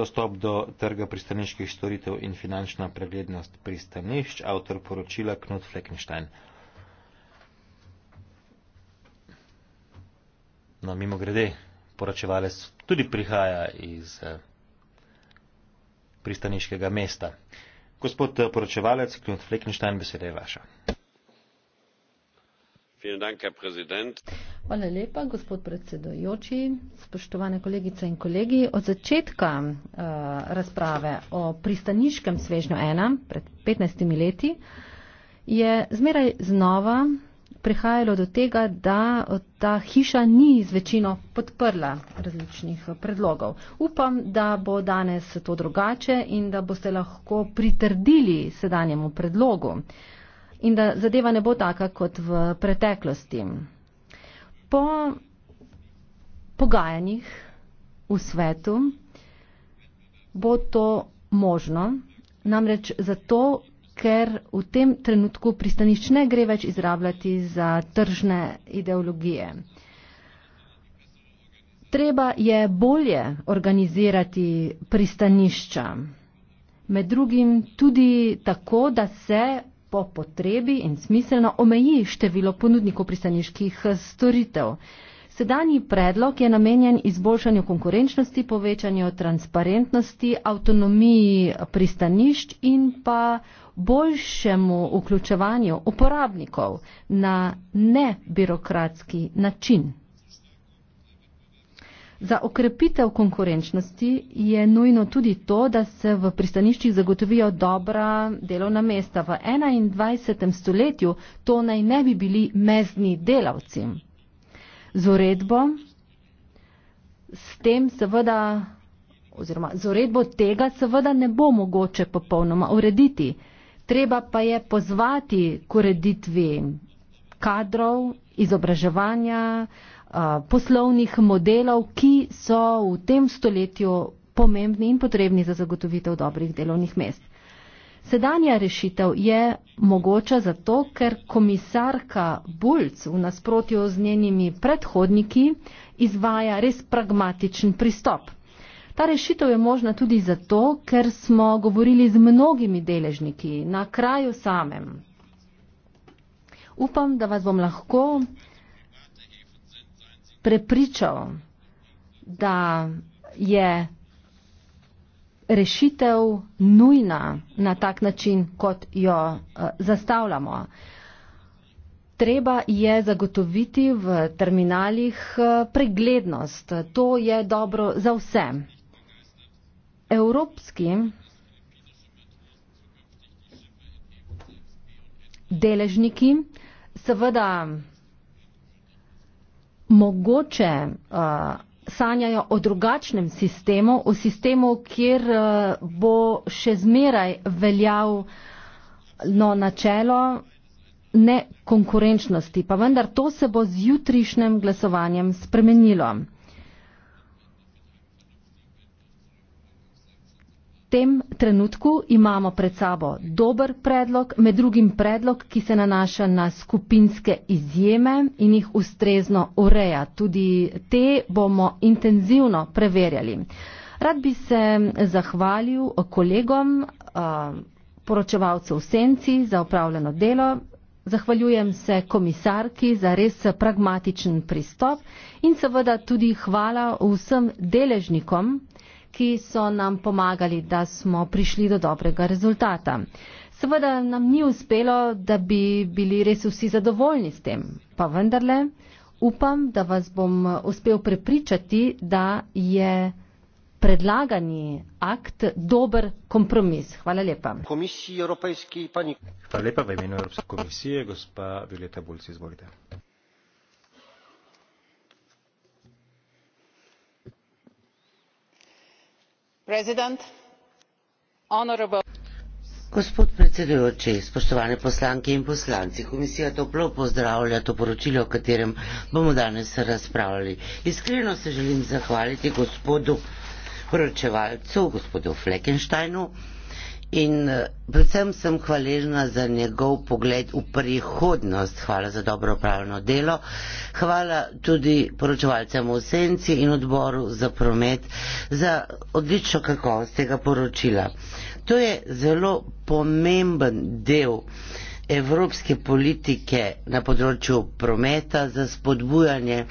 dostop do trga pristaniških storitev in finančna preglednost pristanišč, avtor poročila Knut Fleckenstein. No, mimo grede, poročevalec tudi prihaja iz eh, pristaniškega mesta. Gospod eh, poročevalec, Knut Fleckenstein, beseda je vaša. Vielen Dank, Herr Präsident. Hvala lepa, gospod predsedojoči, spoštovane kolegice in kolegi. Od začetka uh, razprave o pristaniškem svežnju 1 pred 15 leti je zmeraj znova prihajalo do tega, da ta hiša ni z večino podprla različnih predlogov. Upam, da bo danes to drugače in da boste lahko pritrdili sedanjemu predlogu in da zadeva ne bo taka kot v preteklosti po pogajanjih v svetu bo to možno, namreč zato, ker v tem trenutku pristanič ne gre več izrabljati za tržne ideologije. Treba je bolje organizirati pristanišča, med drugim tudi tako, da se po potrebi in smiselno omeji število ponudnikov pristaniških eh, storitev. Sedanji predlog je namenjen izboljšanju konkurenčnosti, povečanju transparentnosti, avtonomiji pristanišč in pa boljšemu vključevanju uporabnikov na nebirokratski način. Za okrepitev konkurenčnosti je nujno tudi to, da se v pristaniščih zagotovijo dobra delovna mesta. V 21. stoletju to naj ne bi bili mezni delavci. Z uredbo, s tem seveda, oziroma z uredbo tega seveda ne bo mogoče popolnoma urediti. Treba pa je pozvati k ureditvi kadrov, izobraževanja, poslovnih modelov, ki so v tem stoletju pomembni in potrebni za zagotovitev dobrih delovnih mest. Sedanja rešitev je mogoča zato, ker komisarka Bulc v nasprotju z njenimi predhodniki izvaja res pragmatičen pristop. Ta rešitev je možna tudi zato, ker smo govorili z mnogimi deležniki na kraju samem. Upam, da vas bom lahko prepričal, da je rešitev nujna na tak način, kot jo eh, zastavljamo. Treba je zagotoviti v terminalih eh, preglednost. To je dobro za vse. Evropski deležniki seveda mogoče uh, sanjajo o drugačnem sistemu, o sistemu, kjer uh, bo še zmeraj veljav no, načelo nekonkurenčnosti. Pa vendar to se bo z jutrišnjem glasovanjem spremenilo. tem trenutku imamo pred sabo dober predlog, med drugim predlog, ki se nanaša na skupinske izjeme in jih ustrezno ureja. Tudi te bomo intenzivno preverjali. Rad bi se zahvalil kolegom, poročevalcev v Senci za upravljeno delo. Zahvaljujem se komisarki za res pragmatičen pristop in seveda tudi hvala vsem deležnikom, ki so nam pomagali, da smo prišli do dobrega rezultata. Seveda nam ni uspelo, da bi bili res vsi zadovoljni s tem, pa vendarle upam, da vas bom uspel prepričati, da je predlagani akt dober kompromis. Hvala lepa. Hvala lepa v imenu Evropske komisije, gospa Violeta Bulc, izvolite. gospod predsedujoči spoštovane poslanke in poslanci komisija toplo pozdravlja to poročilo o katerem bomo danes razpravljali. iskreno se želim zahvaliti gospodu poročevalcu gospodu fleckensteinu ki je pripravil to poročilo. In eh, predvsem sem hvaležna za njegov pogled v prihodnost. Hvala za dobro upravljeno delo. Hvala tudi poročevalcem v Senci in odboru za promet za odlično kakovost tega poročila. To je zelo pomemben del evropske politike na področju prometa za spodbujanje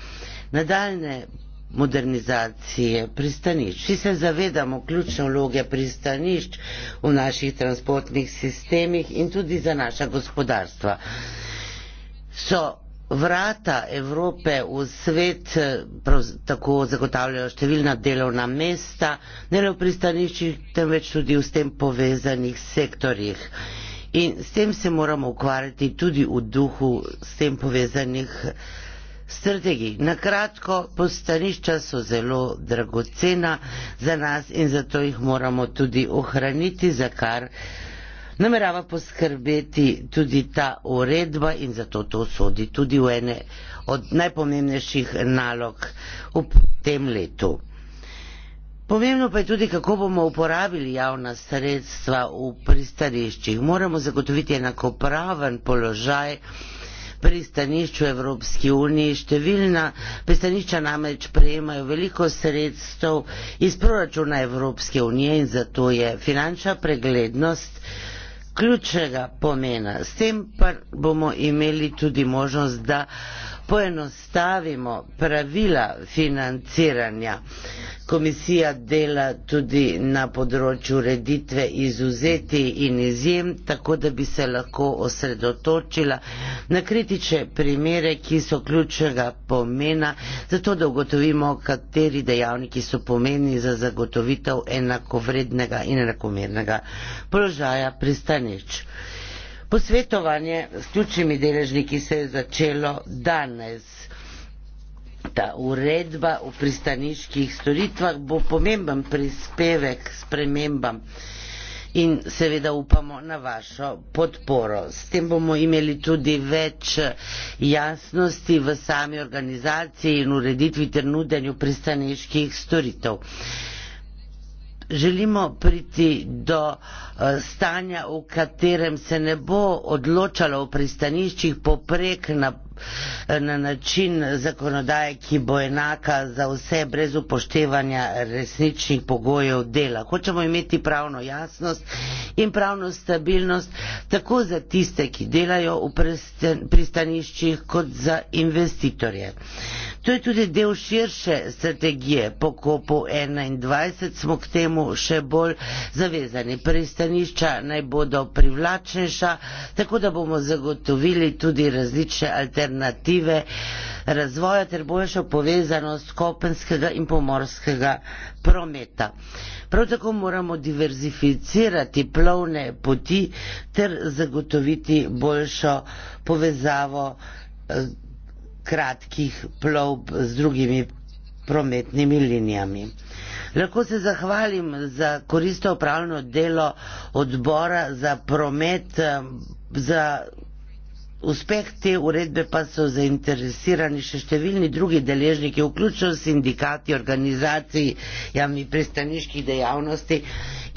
nadaljne modernizacije pristanišč. Vsi se zavedamo ključne vloge pristanišč v naših transportnih sistemih in tudi za naša gospodarstva. So vrata Evrope v svet, eh, prav, tako zagotavljajo številna delovna mesta, ne le v pristaniščih, temveč tudi v s tem povezanih sektorjih. In s tem se moramo ukvarjati tudi v duhu s tem povezanih sektorjih strategij. Na kratko, postanišča so zelo dragocena za nas in zato jih moramo tudi ohraniti, za kar namerava poskrbeti tudi ta uredba in zato to sodi tudi v ene od najpomembnejših nalog v tem letu. Pomembno pa je tudi, kako bomo uporabili javna sredstva v pristariščih. Moramo zagotoviti enakopraven položaj pristanišč v Evropski uniji. Številna pristanišča namreč prejemajo veliko sredstev iz proračuna Evropske unije in zato je finančna preglednost ključnega pomena. S tem pa bomo imeli tudi možnost, da poenostavimo pravila financiranja. Komisija dela tudi na področju ureditve izuzeti in izjem, tako da bi se lahko osredotočila na kritične primere, ki so ključnega pomena, zato da ugotovimo, kateri dejavniki so pomeni za zagotovitev enakovrednega in enakomernega položaja pristanišč. Posvetovanje s ključnimi deležniki se je začelo danes. Ta uredba v pristaniških storitvah bo pomemben prispevek s premembam in seveda upamo na vašo podporo. S tem bomo imeli tudi več jasnosti v sami organizaciji in ureditvi ter nudenju pristaniških storitev želimo priti do eh, stanja, v katerem se ne bo odločalo v pristaniščih poprek na, eh, na način zakonodaje, ki bo enaka za vse, brez upoštevanja resničnih pogojev dela. Hočemo imeti pravno jasnost in pravno stabilnost tako za tiste, ki delajo v pristaniščih, kot za investitorje. To je tudi del širše strategije. Po kopu 21 smo k temu še bolj zavezani. Pristanišča naj bodo privlačnejša, tako da bomo zagotovili tudi različne alternative razvoja ter boljšo povezanost kopenskega in pomorskega prometa. Prav tako moramo diverzificirati plovne poti ter zagotoviti boljšo povezavo eh, kratkih plovb z drugimi prometnimi linijami. Lahko se zahvalim za koristo upravno delo odbora za promet, eh, za Uspeh te uredbe pa so zainteresirani še številni drugi deležniki, vključno sindikati, organizaciji, javni pristaniških dejavnosti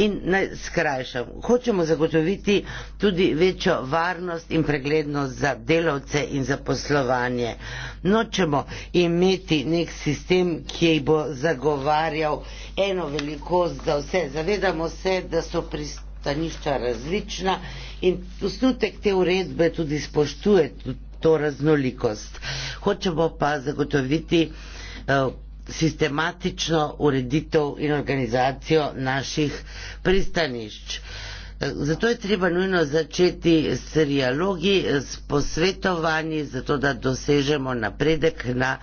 in naj skrajšam. Hočemo zagotoviti tudi večjo varnost in preglednost za delavce in za poslovanje. Nočemo imeti nek sistem, ki bo zagovarjal eno velikost za vse. Zavedamo se, da so pristopi pristanišča različna in osnutek te uredbe tudi spoštuje to raznolikost. Hočemo pa zagotoviti eh, sistematično ureditev in organizacijo naših pristanišč. Eh, zato je treba nujno začeti s dialogi, s posvetovanji, zato da dosežemo napredek na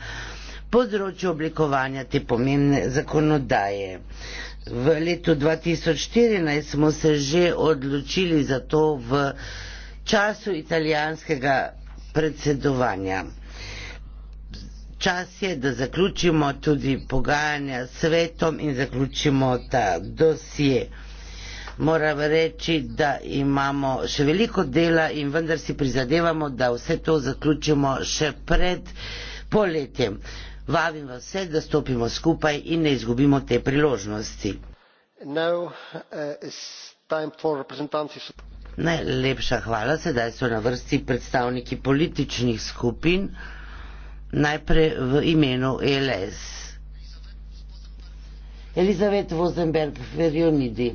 področju oblikovanja te pomembne zakonodaje. Uh, V letu 2014 smo se že odločili za to v času italijanskega predsedovanja. Čas je, da zaključimo tudi pogajanja s svetom in zaključimo ta dosje. Moram reči, da imamo še veliko dela in vendar si prizadevamo, da vse to zaključimo še pred poletjem. Vabim vas vse, da stopimo skupaj in ne izgubimo te priložnosti. Uh, Najlepša hvala. Sedaj so na vrsti predstavniki političnih skupin. Najprej v imenu ELS. Elizabet Vozenberg, Verjonidi.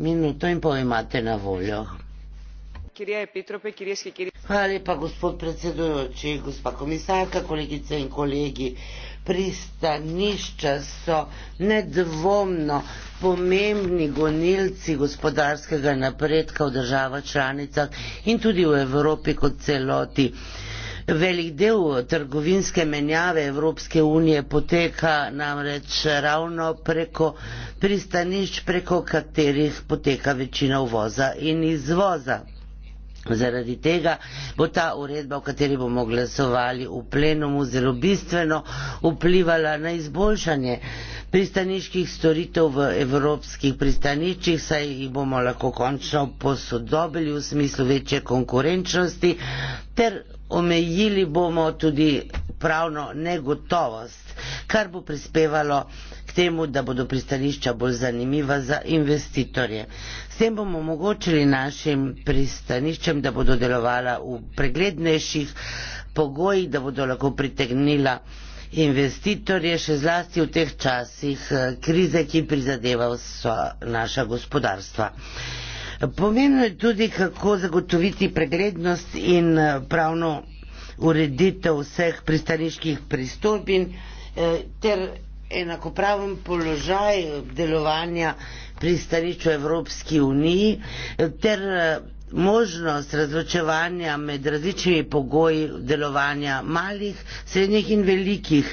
Minuto in pol imate na voljo. Hvala lepa, gospod predsedujoči, gospa komisarka, kolegice in kolegi pristanišča so nedvomno pomembni gonilci gospodarskega napredka v državah članicah in tudi v Evropi kot celoti. Velik del trgovinske menjave Evropske unije poteka namreč ravno preko pristanišč, preko katerih poteka večina uvoza in izvoza. Zaradi tega bo ta uredba, o kateri bomo glasovali v plenumu, zelo bistveno vplivala na izboljšanje pristaniških storitev v evropskih pristaniščih, saj jih bomo lahko končno posodobili v smislu večje konkurenčnosti ter omejili bomo tudi pravno negotovost, kar bo prispevalo k temu, da bodo pristanišča bolj zanimiva za investitorje. S tem bomo omogočili našim pristaniščem, da bodo delovala v preglednejših pogojih, da bodo lahko pritegnila investitorje, še zlasti v teh časih eh, krize, ki prizadeva vsa naša gospodarstva. Pomembno je tudi, kako zagotoviti preglednost in eh, pravno ureditev vseh pristaniških pristopin eh, ter enakopraven položaj delovanja pristanič v Evropski uniji eh, ter eh, možnost razločevanja med različnimi pogoji delovanja malih, srednjih in velikih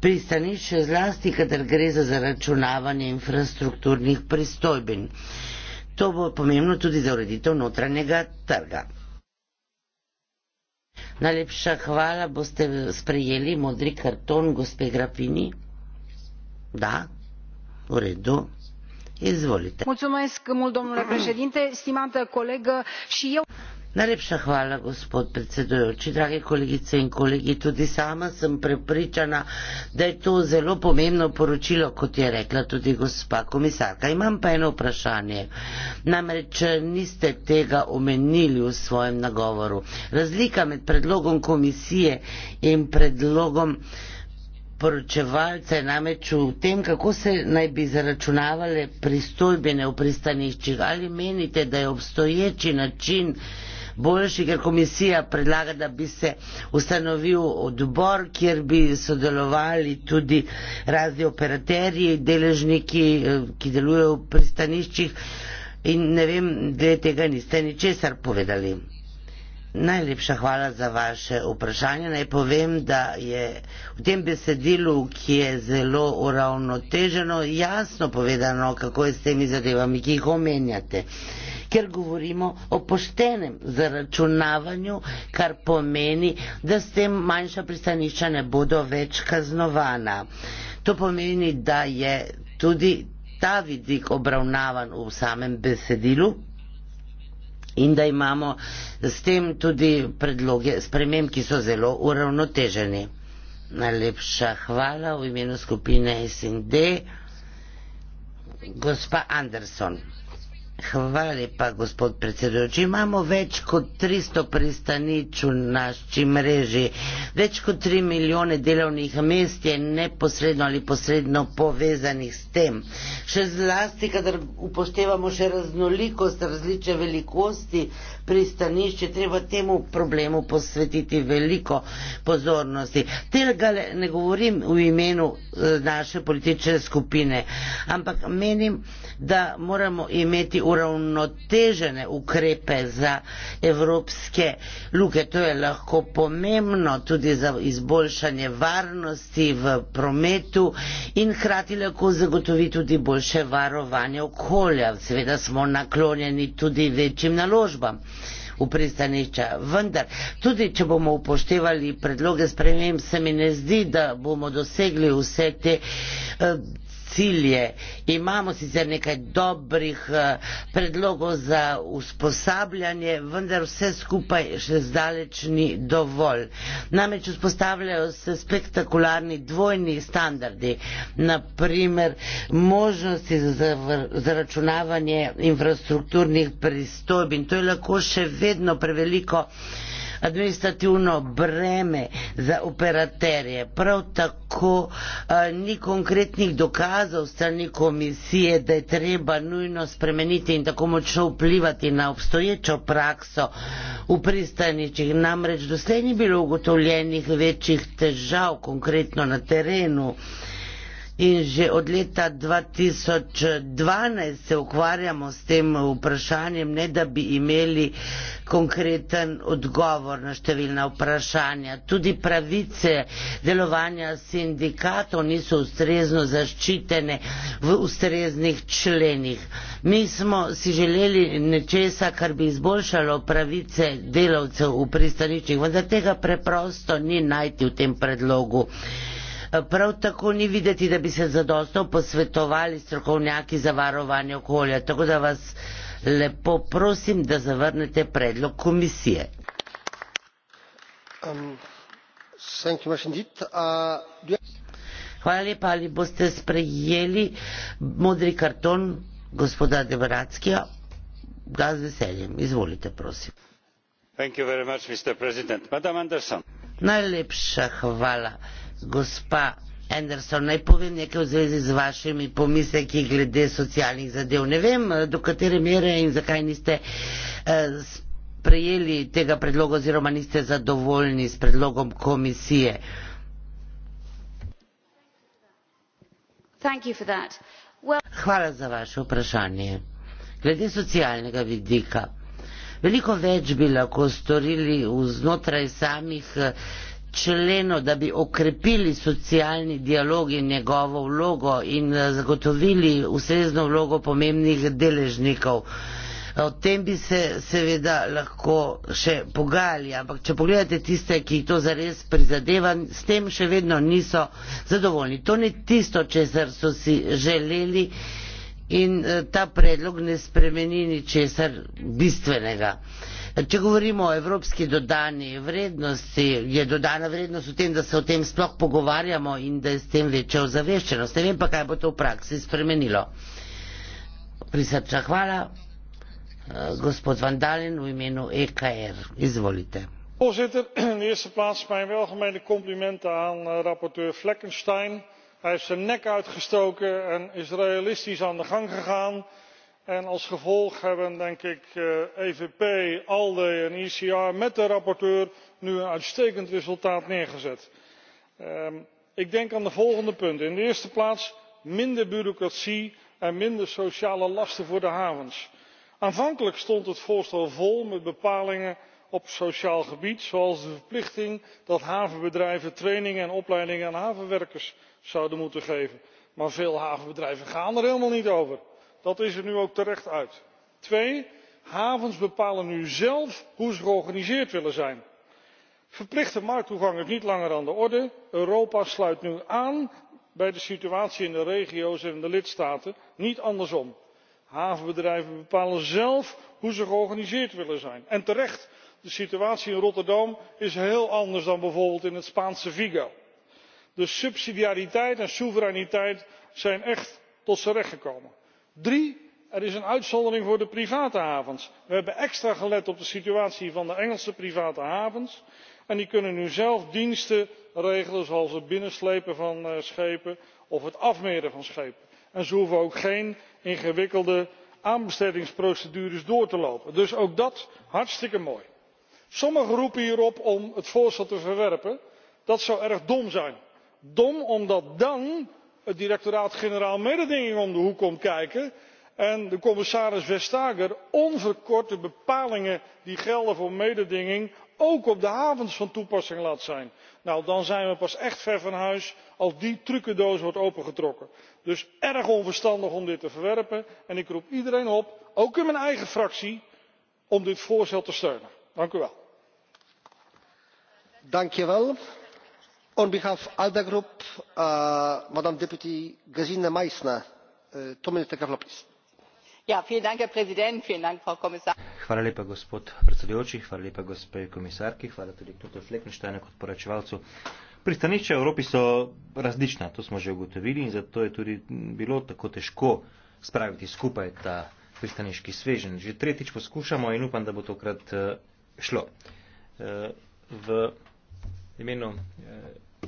pristanič, zlasti, kadar gre za zaračunavanje infrastrukturnih pristojbin. To bo pomembno tudi za ureditev notranjega trga. Najlepša hvala, boste sprejeli modri karton, gospe Grafini? Da, v redu. Izvolite. Mulțumesc mult, domnule președinte, stimată colegă și eu. Najlepša hvala, gospod predsedujoči. Drage kolegice in kolegi, tudi sama sem prepričana, da je to zelo pomembno poročilo, kot je rekla tudi gospa komisarka. Imam pa eno vprašanje. Namreč niste tega omenili v svojem nagovoru. Razlika med predlogom komisije in predlogom poročevalce namreč v tem, kako se naj bi zaračunavale pristojbene v pristaniščih. Ali menite, da je obstoječi način, boljši, ker komisija predlaga, da bi se ustanovil odbor, kjer bi sodelovali tudi razni operaterji, deležniki, eh, ki delujejo v pristaniščih. In ne vem, glede tega niste ničesar povedali. Najlepša hvala za vaše vprašanje. Naj povem, da je v tem besedilu, ki je zelo uravnoteženo, jasno povedano, kako je s temi zadevami, ki jih omenjate. Ker govorimo o poštenem zaračunavanju, kar pomeni, da s tem manjša pristanišča ne bodo več kaznovana. To pomeni, da je tudi ta vidik obravnavan v samem besedilu, in da imamo s tem tudi predloge sprememb, ki so zelo uravnoteženi. Najlepša hvala v imenu skupine SND. Gospa Anderson. Hvala lepa, gospod predsedujoči. Imamo več kot 300 pristanič v naši mreži. Več kot 3 milijone delovnih mest je neposredno ali posredno povezanih s tem. Še zlasti, kadar upoštevamo še raznolikost različne velikosti pristanišče, treba temu problemu posvetiti veliko pozornosti. Tega ne govorim v imenu eh, naše politične skupine, ampak menim, da moramo imeti uravnotežene ukrepe za evropske luke. To je lahko pomembno tudi za izboljšanje varnosti v prometu in hkrati lahko zagotovi tudi boljše varovanje okolja. Seveda smo naklonjeni tudi večjim naložbam v pristanišča. Vendar, tudi če bomo upoštevali predloge sprememb, se mi ne zdi, da bomo dosegli vse te eh, cilje. Imamo sicer nekaj dobrih eh, predlogov za usposabljanje, vendar vse skupaj še zdaleč ni dovolj. Namreč vzpostavljajo se spektakularni dvojni standardi, naprimer možnosti za zaračunavanje infrastrukturnih pristojb in to je lahko še vedno preveliko administrativno breme za operaterje. Prav tako a, ni konkretnih dokazov strani komisije, da je treba nujno spremeniti in tako močno vplivati na obstoječo prakso v pristaničih. Namreč doslej ni bilo ugotovljenih večjih težav konkretno na terenu. In že od leta 2012 se ukvarjamo s tem vprašanjem, ne da bi imeli konkreten odgovor na številna vprašanja. Tudi pravice delovanja sindikatov niso ustrezno zaščitene v ustreznih členih. Mi smo si želeli nečesa, kar bi izboljšalo pravice delavcev v pristaničnih, vendar tega preprosto ni najti v tem predlogu prav tako ni videti, da bi se zadostno posvetovali strokovnjaki za varovanje okolja. Tako da vas lepo prosim, da zavrnete predlog komisije. Um, uh, Hvala lepa, ali boste sprejeli modri karton gospoda Debratskija. Ga z veseljem. Izvolite, prosim. Much, Najlepša hvala gospa Anderson, naj povem nekaj v zvezi z vašimi pomisleki glede socialnih zadev. Ne vem, do katere mere in zakaj niste eh, prejeli tega predloga oziroma niste zadovoljni s predlogom komisije. Well... Hvala za vaše vprašanje. Glede socialnega vidika. Veliko več bi lahko storili znotraj samih eh, členu, da bi okrepili socialni dialog in njegovo vlogo in eh, zagotovili ustrezno vlogo pomembnih deležnikov. Eh, o tem bi se seveda lahko še pogajali, ampak če pogledate tiste, ki to zares prizadeva, s tem še vedno niso zadovoljni. To ni tisto, česar so si želeli in eh, ta predlog ne spremeni ničesar bistvenega. Če govorimo o evropski dodani vrednosti, je dodana vrednost v tem, da se o tem sploh pogovarjamo in da je s tem večja ozaveščenost. Ne vem pa, kaj bo to v praksi spremenilo. Prisrča hvala. Eh, gospod Vandalen v imenu EKR. Izvolite. Voorzitter, in eerste plaats mijn welgemeende complimenten aan eh, rapporteur Fleckenstein. Hij heeft zijn nek uitgestoken en is realistisch aan de gang gegaan en als gevolg hebben denk ik evp eh, e alde en ecr met de rapporteur nu een uitstekend resultaat neergezet. Ehm, ik denk aan de volgende punten in de eerste plaats minder bureaucratie en minder sociale lasten voor de havens. aanvankelijk stond het voorstel vol met bepalingen op sociaal gebied zoals de verplichting dat havenbedrijven trainingen en opleidingen aan havenwerkers zouden moeten geven maar veel havenbedrijven gaan er helemaal niet over dat is er nu ook terecht uit. ten tweede havens bepalen nu zelf hoe ze georganiseerd willen zijn. verplichte markttoegang is niet langer aan de orde. europa sluit nu aan bij de situatie in de regio's en in de lidstaten niet andersom. havenbedrijven bepalen zelf hoe ze georganiseerd willen zijn en terecht. de situatie in rotterdam is heel anders dan bijvoorbeeld in het spaanse vigo. de subsidiariteit en soevereiniteit zijn echt tot z'n recht gekomen drie er is een uitzondering voor de private havens. we hebben extra gelet op de situatie van de engelse private havens en die kunnen nu zelf diensten regelen zoals het binnenslepen van eh, schepen of het afmeren van schepen en ze hoeven ook geen ingewikkelde aanbestedingsprocedures door te lopen. dus ook dat hartstikke mooi. sommigen roepen hierop om het voorstel te verwerpen. dat zou erg dom zijn. dom omdat dan het directoraat generaal mededinging om de hoek komt kijken en de commissaris vestager onverkort de bepalingen die gelden voor mededinging ook op de havens van toepassing laat zijn dan zijn we pas echt ver van huis als die trucendoos wordt opengetrokken. dus erg onverstandig om dit te verwerpen en ik roep iedereen op ook in mijn eigen fractie om dit voorstel te steunen. dank u wel gospod predsedujoči hvala lepa gospe komisarki hvala tudi gospodu fleckensteinu kot poročevalcu. pristanišča v evropi so različna to smo že ugotovili in zato je tudi bilo tako težko spraviti skupaj ta pristaniški svežen. Že tretjič poskušamo in upam, da bo tokrat eh, šlo. Eh, v imenu eh,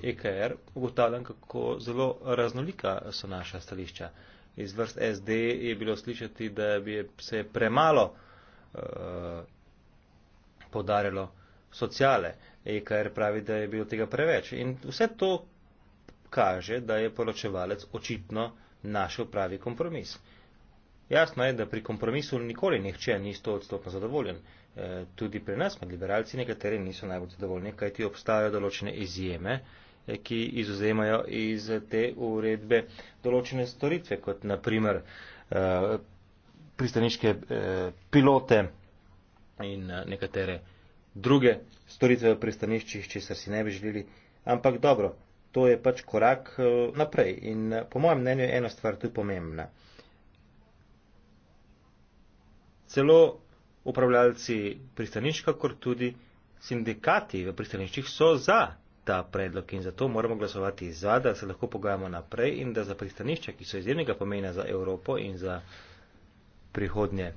EKR, ugotavljam, kako zelo raznolika so naša stališča. Iz vrst SD je bilo slišati, da bi se premalo uh, eh, podarilo sociale. EKR pravi, da je bilo tega preveč. In vse to kaže, da je poročevalec očitno našel pravi kompromis. Uh, Jasno je, da pri kompromisu nikoli nihče ni sto odstotno zadovoljen. E, tudi pri nas med liberalci nekateri niso najbolj zadovoljni, kajti obstajajo določene izjeme, e, ki izuzemajo iz te uredbe določene storitve, kot naprimer e, pristaniške e, pilote in e, nekatere druge storitve v pristaniščih, če se si ne bi želeli. Ampak dobro, to je pač korak e, naprej in e, po mojem mnenju je ena stvar tu pomembna celo upravljalci pristanišča, kot tudi sindikati v pristaniščih so za ta predlog in zato moramo glasovati za, da se lahko pogajamo naprej in da za pristanišča, ki so izjemnega pomena za Evropo in za prihodnje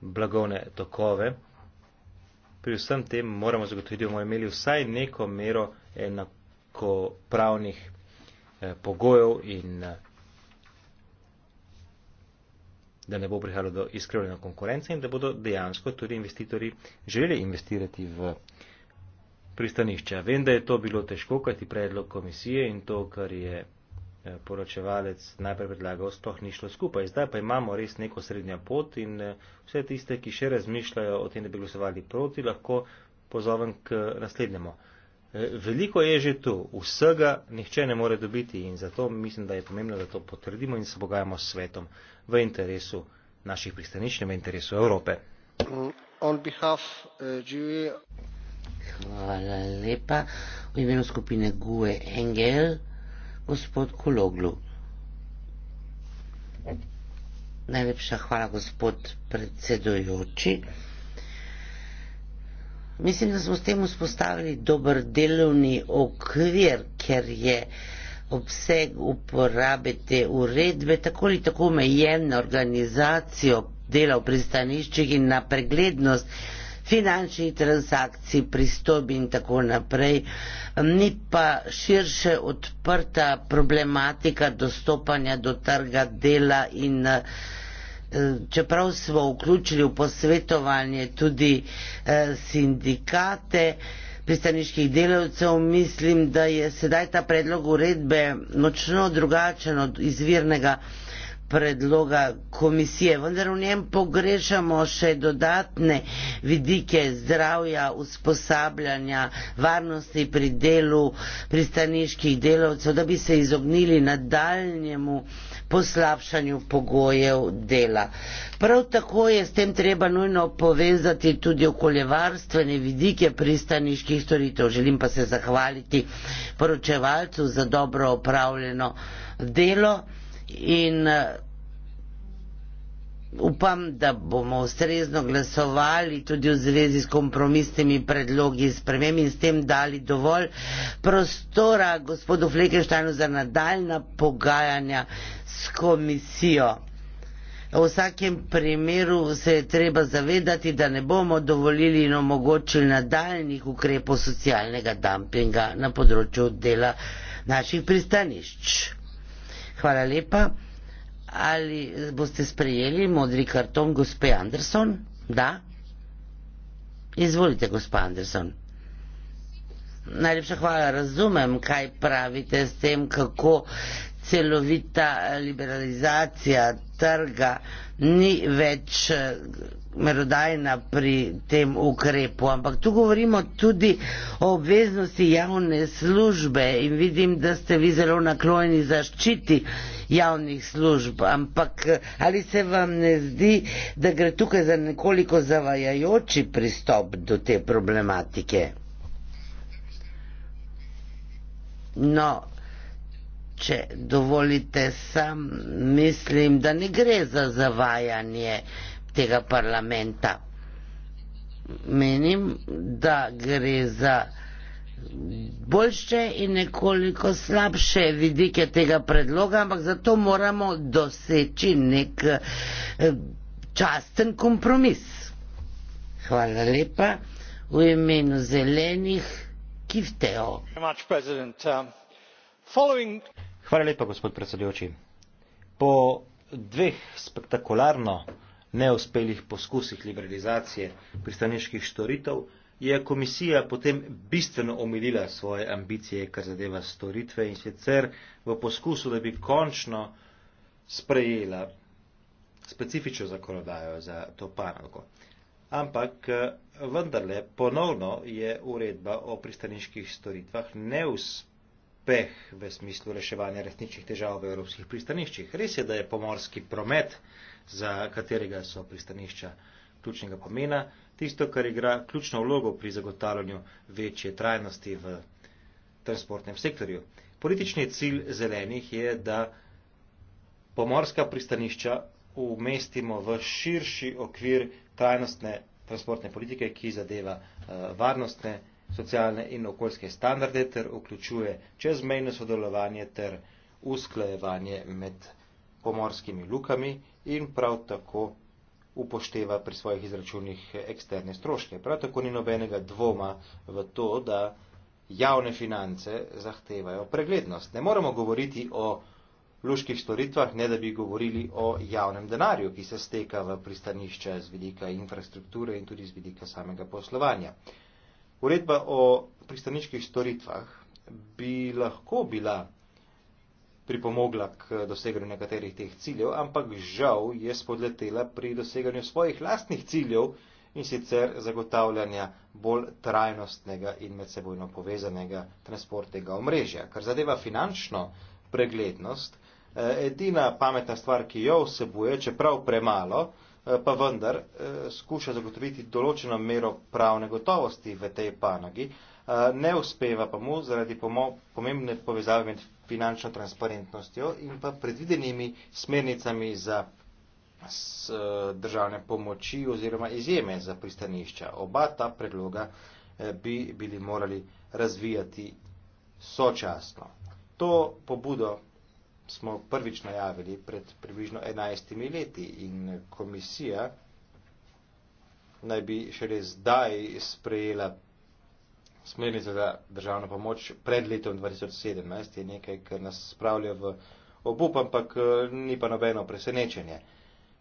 blagovne tokove, pri vsem tem moramo zagotoviti, da bomo imeli vsaj neko mero enakopravnih eh, pogojev in eh, da ne bo prihajalo do izkrivljene konkurence in da bodo dejansko tudi investitorji želeli investirati v pristanišča. Vem, da je to bilo težko, kaj ti predlog komisije in to, kar je eh, poročevalec najprej predlagal, sploh ni šlo skupaj. Zdaj pa imamo res neko srednja pot in eh, vse tiste, ki še razmišljajo o tem, da bi glasovali proti, lahko pozovem k naslednjemu. Eh, veliko je že tu, vsega nihče ne more dobiti in zato mislim, da je pomembno, da to potrdimo in se pogajamo s svetom v interesu naših pristaničnih, v interesu Evrope. Mm, on behalf, uh, Hvala lepa. V imenu skupine Gue Engel, gospod Kologlu. Najlepša hvala, gospod predsedojoči. Uh, Mislim, da smo s tem vzpostavili dober delovni okvir, ker je obseg uporabe te uredbe tako ali tako omejen na organizacijo dela v pristaniščih in na preglednost finančnih transakcij, pristopi in tako naprej. Ni pa širše odprta problematika dostopanja do trga dela in uh, čeprav smo vključili v posvetovanje tudi eh, sindikate pristaniških delavcev, mislim, da je sedaj ta predlog uredbe močno drugačen od izvirnega predloga komisije, vendar v njem pogrešamo še dodatne vidike zdravja, usposabljanja, varnosti pri delu pristaniških delavcev, da bi se izognili nadaljnjemu poslabšanju pogojev dela. Prav tako je s tem treba nujno povezati tudi okoljevarstvene vidike pristaniških storitev. Želim pa se zahvaliti poročevalcu za dobro opravljeno delo in eh, upam, da bomo ustrezno glasovali tudi v zvezi s kompromisnimi predlogi sprememb in s tem dali dovolj prostora gospodu Flekenštajnu za nadaljna pogajanja s komisijo. V vsakem primeru se je treba zavedati, da ne bomo dovolili in omogočili nadaljnih ukrepov socialnega dumpinga na področju dela naših pristanišč. Hvala lepa. Ali boste sprejeli modri karton gospe Anderson? Da. Izvolite, gospa Anderson. Najlepša hvala, razumem, kaj pravite s tem, kako celovita liberalizacija trga ni več eh, merodajna pri tem ukrepu. Ampak tu govorimo tudi o obveznosti javne službe in vidim, da ste vi zelo naklonjeni zaščiti javnih služb, ampak ali se vam ne zdi, da gre tukaj za nekoliko zavajajoči pristop do te problematike? No, če dovolite, sam mislim, da ne gre za zavajanje tega parlamenta. Menim, da gre za boljše in nekoliko slabše vidike tega predloga, ampak zato moramo doseči nek eh, časten kompromis. Hvala lepa v imenu zelenih Kifteo. Hvala lepa, gospod predsedujoči. Po dveh spektakularno neuspelih poskusih liberalizacije pristaniških storitev, je komisija potem bistveno omilila svoje ambicije, kar zadeva storitve in sicer v poskusu, da bi končno sprejela specifično zakonodajo za to panogo. Ampak eh, vendarle ponovno je uredba o pristaniških storitvah neuspeh v smislu reševanja resničnih težav v evropskih pristaniščih. Res je, da je pomorski promet, za katerega so pristanišča ključnega pomena, tisto, kar igra ključno vlogo pri zagotavljanju večje trajnosti v transportnem sektorju. Politični cilj zelenih je, da pomorska pristanišča umestimo v širši okvir trajnostne transportne politike, ki zadeva eh, varnostne, socialne in okoljske standarde ter vključuje čezmejno sodelovanje ter usklajevanje med pomorskimi lukami in prav tako upošteva pri svojih izračunih eksterne stroške. Prav tako ni nobenega dvoma v to, da javne finance zahtevajo preglednost. Ne moremo govoriti o luških storitvah, ne da bi govorili o javnem denarju, ki se steka v pristanišče z vidika infrastrukture in tudi z vidika samega poslovanja. Uredba o pristaniških storitvah bi lahko bila pripomogla k doseganju nekaterih teh ciljev, ampak žal je spodletela pri doseganju svojih lastnih ciljev in sicer zagotavljanja bolj trajnostnega in medsebojno povezanega transportnega omrežja. Kar zadeva finančno preglednost, eh, edina pametna stvar, ki jo vsebuje, čeprav premalo, eh, pa vendar eh, skuša zagotoviti določeno mero pravne gotovosti v tej panogi, ne uspeva pa mu zaradi pomembne povezave med finančno transparentnostjo in pa predvidenimi smernicami za eh, državne pomoči oziroma izjeme za pristanišča. Oba ta predloga eh, bi bili morali razvijati sočasno. To pobudo smo prvič najavili pred približno 11 leti in komisija naj bi šele zdaj sprejela smernice za državno pomoč pred letom 2017 je nekaj, kar nas spravlja v obup, ampak eh, ni pa nobeno presenečenje.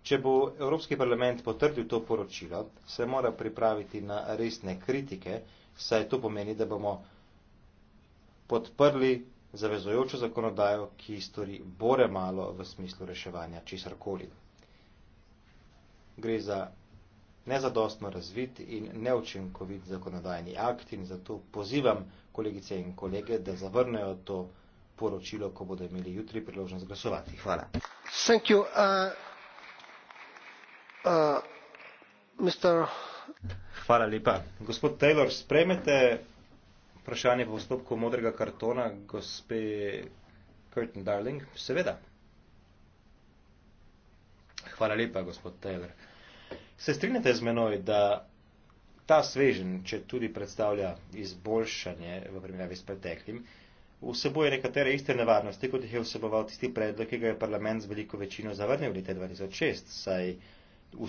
Če bo Evropski parlament potrdil to poročilo, se mora pripraviti na resne kritike, saj to pomeni, da bomo podprli zavezojočo zakonodajo, ki stori bore malo v smislu reševanja česarkoli. Gre za nezadostno razvit in neučinkovit zakonodajni akt in zato pozivam kolegice in kolege, da zavrnejo to poročilo, ko bodo imeli jutri priložnost glasovati. Hvala. Thank you. Uh, uh, Mr. Hvala lepa. Gospod Taylor, spremete vprašanje po postopku modrega kartona gospe Curtin Darling? Seveda. Hvala lepa, gospod Taylor. Se strinjate z menoj, da ta svežen, če tudi predstavlja izboljšanje v primerjavi s preteklim, vsebuje nekatere iste nevarnosti, kot jih je vseboval tisti predlog, ki ga je parlament z veliko večino zavrnil v letu 2006, saj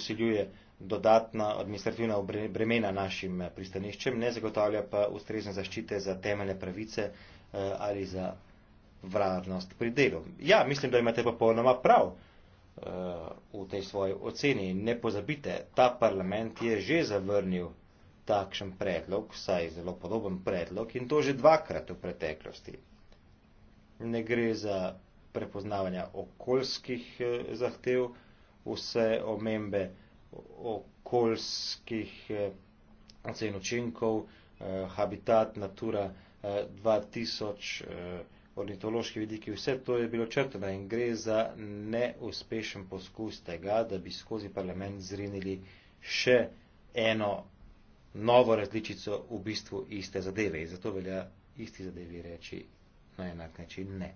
usiljuje dodatna administrativna bremena našim eh, pristaniščem, ne zagotavlja pa ustrezne zaščite za temeljne pravice eh, ali za varnost pri delu. Ja, mislim, da imate popolnoma prav. Eh, v tej svoji oceni. Ne pozabite, ta parlament je že zavrnil takšen predlog, saj zelo podoben predlog in to že dvakrat v preteklosti. Ne gre za prepoznavanja okoljskih eh, zahtev, vse omembe okoljskih eh, ocen učinkov, habitat Natura 2000 ornitološki vidiki, vse to je bilo črteno in gre za neuspešen poskus tega, da bi skozi parlament zrinili še eno novo različico v bistvu iste zadeve. In zato velja isti zadevi reči na enak način ne.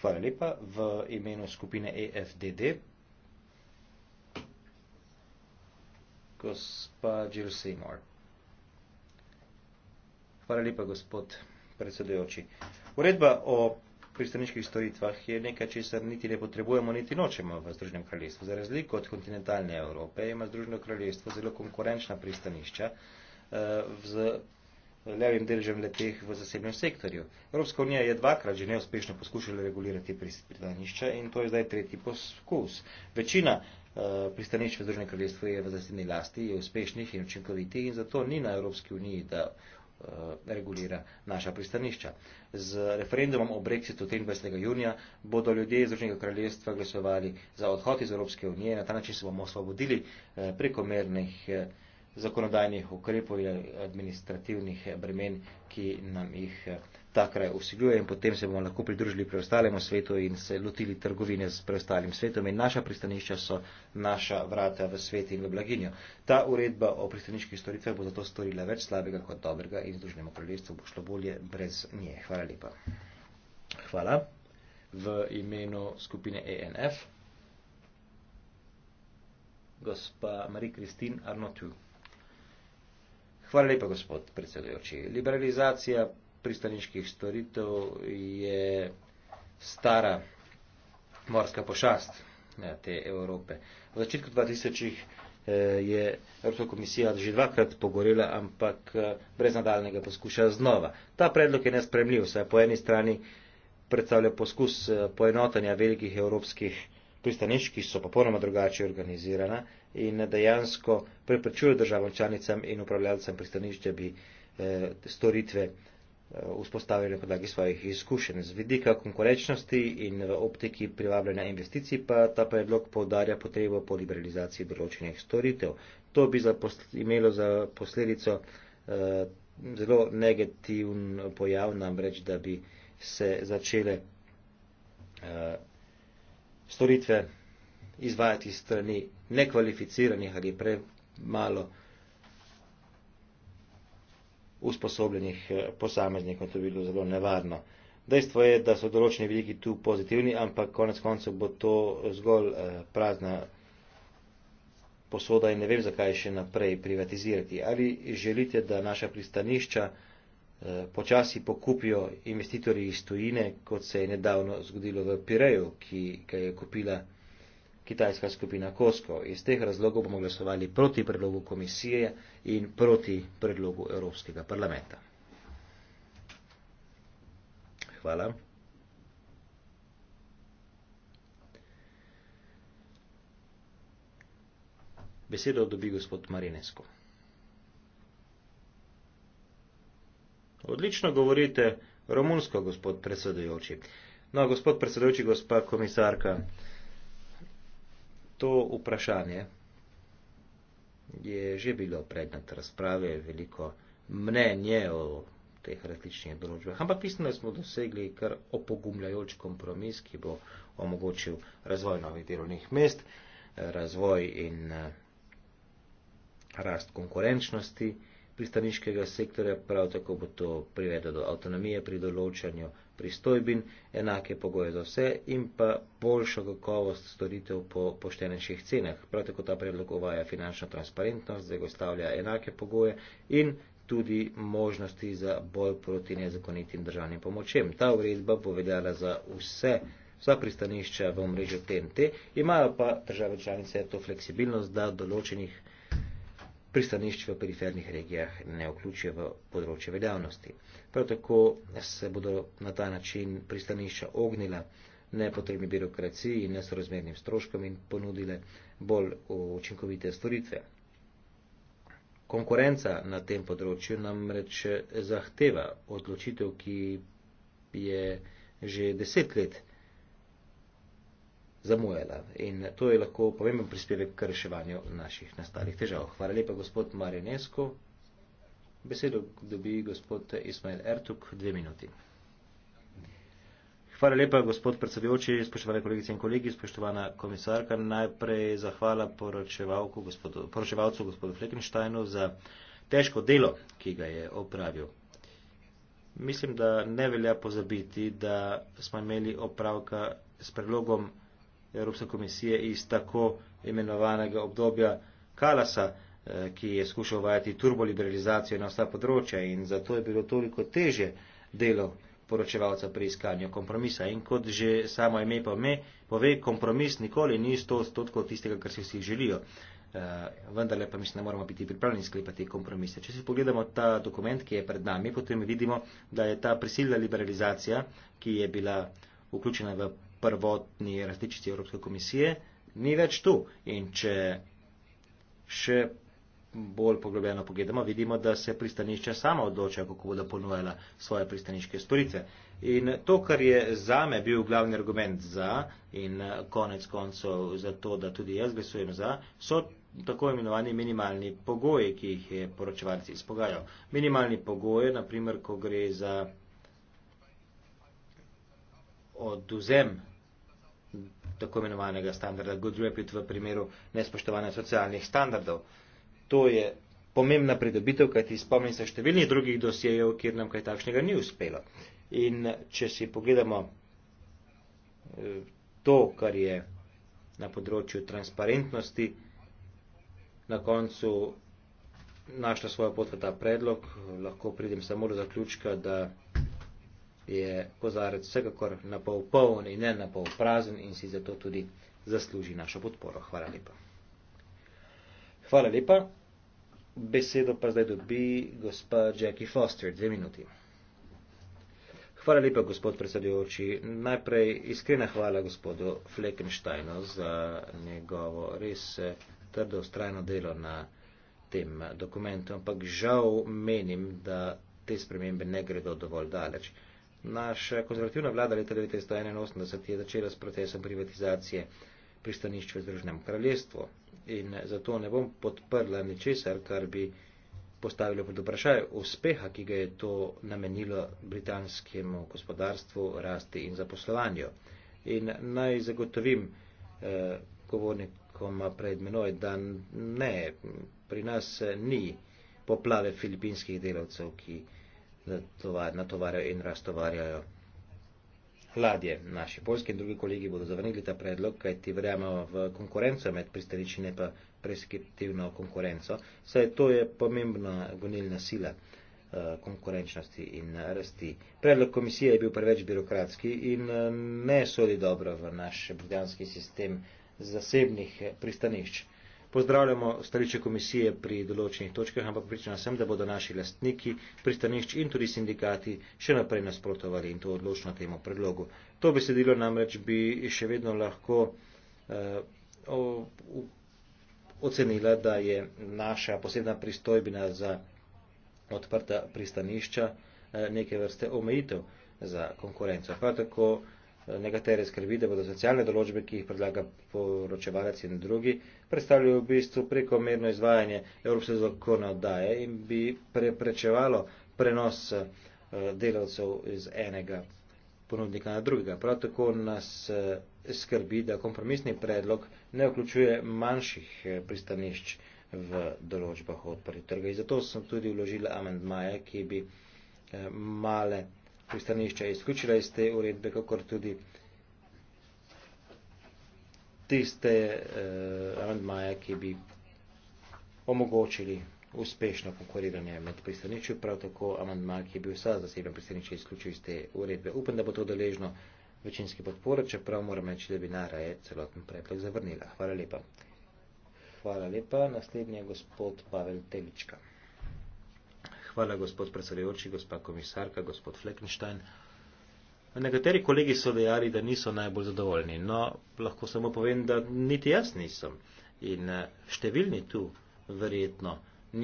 Hvala lepa v imenu skupine EFDD. Gospa Jill Seymour. Hvala lepa, gospod predsedujoči. Uredba o pristaniških storitvah je nekaj, česar niti ne potrebujemo, niti nočemo v Združenem kraljestvu. Za razliko od kontinentalne Evrope ima Združeno kraljestvo zelo konkurenčna pristanišča eh, z levim deležem leteh v zasebnem sektorju. Evropska unija je dvakrat že neuspešno poskušala regulirati pristanišča in to je zdaj tretji poskus. Večina eh, pristanišč v Združenem kraljestvu je v zasebni lasti, je uspešnih in učinkovitih in zato ni na Evropski uniji, da Eh, regulira naša pristanišča. Z referendumom o Brexitu 23. junija bodo ljudje iz Združenega kraljestva glasovali za odhod iz Evropske unije. Na ta način se bomo osvobodili eh, prekomernih eh, zakonodajnih ukrepov in administrativnih bremen, ki nam jih ta kraj usiljuje in potem se bomo lahko pridružili preostalemu svetu in se lotili trgovine s preostalim svetom. In naša pristanišča so naša vrata v svet in v blaginjo. Ta uredba o pristaniških storitvah bo zato storila več slabega kot dobrega in Združenemu kraljestvu bo šlo bolje brez nje. Hvala lepa. Hvala. V imenu skupine ENF. Gospa Marie-Kristin Arnotu. Hvala lepa, gospod predsedujoči. Liberalizacija pristaniških storitev je stara morska pošast ja, te Evrope. V začetku 2000 eh, je Evropska komisija že dvakrat pogorela, ampak eh, brez nadaljnega poskuša znova. Ta predlog je nespremljiv, saj po eni strani predstavlja poskus poenotanja velikih evropskih pristanišč, ki so popolnoma drugače organizirana in dejansko preprečuje državam članicam in upravljalcem pristanišč, da bi storitve Eh, vzpostavili na podlagi svojih izkušenj. Z vidika konkurenčnosti in v optiki privabljanja investicij pa ta predlog povdarja potrebo po liberalizaciji določenih storitev. To bi za imelo za posledico eh, zelo negativen pojav, namreč da bi se začele eh, storitve izvajati strani nekvalificiranih ali premalo eh, usposobljenih eh, posameznikov, to bi bilo zelo nevarno. Dejstvo je, da so določeni veliki tu pozitivni, ampak konec koncev bo to zgolj eh, prazna posoda in ne vem, zakaj še naprej privatizirati. Ali želite, da naša pristanišča eh, počasi pokupijo investitorji iz tujine, kot se je nedavno zgodilo v Pireju, ki ga je kupila kitajska skupina Kosko. Iz teh razlogov bomo glasovali proti predlogu komisije in proti predlogu Evropskega parlamenta. Hvala. Besedo dobi gospod Marinesko. Odlično govorite romunsko, gospod predsedujoči. No, gospod predsedujoči, gospa komisarka. To vprašanje je že bilo predmet razprave, veliko mnenje o teh različnih določbah, ampak mislim, da smo dosegli kar opogumljajoč kompromis, ki bo omogočil razvoj novih delovnih mest, razvoj in eh, rast konkurenčnosti pristaniškega sektorja, prav tako bo to privedlo do avtonomije pri določanju pristojbin, enake pogoje za vse in pa boljšo kakovost storitev po poštenejših cenah. Prav tako ta predlog uvaja finančno transparentnost, zagostavlja enake pogoje in tudi možnosti za boj proti nezakonitim državnim pomočem. Ta uredba bo veljala za vse, vsa pristanišča v omrežju TNT, imajo pa države članice to fleksibilnost, da določenih pristanišč v perifernih regijah ne vključijo v področje veljavnosti. Prav tako se bodo na ta način pristanišča ognila nepotrebni birokraciji in nesorazmernim stroškom in ponudile bolj učinkovite storitve. Konkurenca na tem področju namreč zahteva odločitev, ki je že deset let zamujala. In to je lahko pomemben prispevek k reševanju naših nastalih težav. Hvala lepa, gospod Marinesko. Besedo dobi gospod Ismail Ertuk, dve minuti. Hvala lepa, gospod predsedujoči, spoštovane kolegice in kolegi, spoštovana komisarka. Najprej zahvala gospodu, poročevalcu gospodu Fleckensteinu za težko delo, ki ga je opravil. Mislim, da ne velja pozabiti, da smo imeli opravka s predlogom Evropske komisije iz tako imenovanega obdobja Kalasa, eh, ki je skušal vajati turboliberalizacijo na vsa področja in zato je bilo toliko teže delo poročevalca pri iskanju kompromisa. In kot že samo ime pa me pove, kompromis nikoli ni 100 odstotkov tistega, kar si vsi želijo. Eh, Vendar pa mislim, da moramo biti pripravljeni sklepati kompromise. Če si pogledamo ta dokument, ki je pred nami, potem vidimo, da je ta prisilna liberalizacija, ki je bila vključena v prvotni različici Evropske komisije, ni več tu. In če še bolj poglobljeno pogledamo, vidimo, da se pristanišče sama odloča, kako bodo ponujala svoje pristaniške storice. In to, kar je zame bil glavni argument za in konec koncev za to, da tudi jaz glasujem za, so tako imenovani minimalni pogoji, ki jih je poročevalci izpogajal. Minimalni pogoji, naprimer, ko gre za oduzem tako imenovanega standarda Good Reputation v primeru nespoštovanja socialnih standardov. To je pomembna pridobitev, kajti spomnim se številnih drugih dosjejev, kjer nam kaj takšnega ni uspelo. In če si pogledamo eh, to, kar je na področju transparentnosti, na koncu našla svojo pot v ta predlog, lahko pridem samo do zaključka, da je kozarec vsekakor na pol poln in ne na pol prazen in si zato tudi zasluži našo podporo. Hvala lepa. Hvala lepa. Besedo pa zdaj dobi gospa Jackie Foster. Dve minuti. Hvala lepa, gospod predsedujoči. Najprej iskrena hvala gospodu Fleckensteinu za njegovo res eh, trdo, ustrajno delo na tem eh, dokumentu, ampak žal menim, da te spremembe ne gredo dovolj daleč. Uh, naša konzervativna vlada leta 1981 je začela s procesom privatizacije pristanišč v Združenem kraljestvu in zato ne bom podprla ničesar, kar bi postavilo pod vprašaj uspeha, ki ga je to namenilo britanskemu gospodarstvu, rasti in zaposlovanju. In naj zagotovim eh, govornikom pred menoj, da ne, pri nas eh, ni poplave filipinskih delavcev, ki natovarjajo in raztovarjajo. Ladje, naši polski in drugi kolegi bodo zavrnili ta predlog, kaj ti verjamemo v konkurenco med pristaniči, ne pa preskriptivno konkurenco. Saj to je pomembna gonilna sila eh, konkurenčnosti in rasti. Predlog komisije je bil preveč birokratski in eh, ne sodi dobro v naš britanski sistem zasebnih pristanišč. Pozdravljamo stališče komisije pri določenih točkah, ampak pričana sem, da bodo naši lastniki, pristanišč in tudi sindikati še naprej nasprotovali in to odločno temu predlogu. To besedilo namreč bi še vedno lahko eh, o, o, ocenila, da je naša posebna pristojbina za odprta pristanišča eh, neke vrste omejitev za konkurenco. Prav tako nekatere skrbi, da bodo socialne določbe, ki jih predlaga poročevalec in drugi, predstavljali v bistvu prekomerno izvajanje evropske zakonodaje in bi preprečevalo prenos eh, delavcev iz enega ponudnika na drugega. Prav tako nas eh, skrbi, da kompromisni predlog ne vključuje manjših eh, pristanišč v določbah odprtih trga. In zato sem tudi vložila amendmaje, ki bi male pristanišča izključila iz te uredbe, kakor tudi tiste eh, amandmaje, ki bi omogočili uspešno konkuriranje med pristanišči, prav tako amandma, ki bi vsa zasebna pristanišča izključil iz te uredbe. Upam, da bo to deležno večinske podpore, čeprav moram reči, da bi naraje celoten predlog zavrnila. Hvala lepa. Hvala lepa. Naslednji je gospod Pavel Telička. Hvala, gospod predsedujoči, gospa komisarka, gospod Fleckenstein. Nekateri kolegi so dejali, da niso najbolj zadovoljni. No, lahko samo povem, da niti jaz nisem. In eh, številni tu verjetno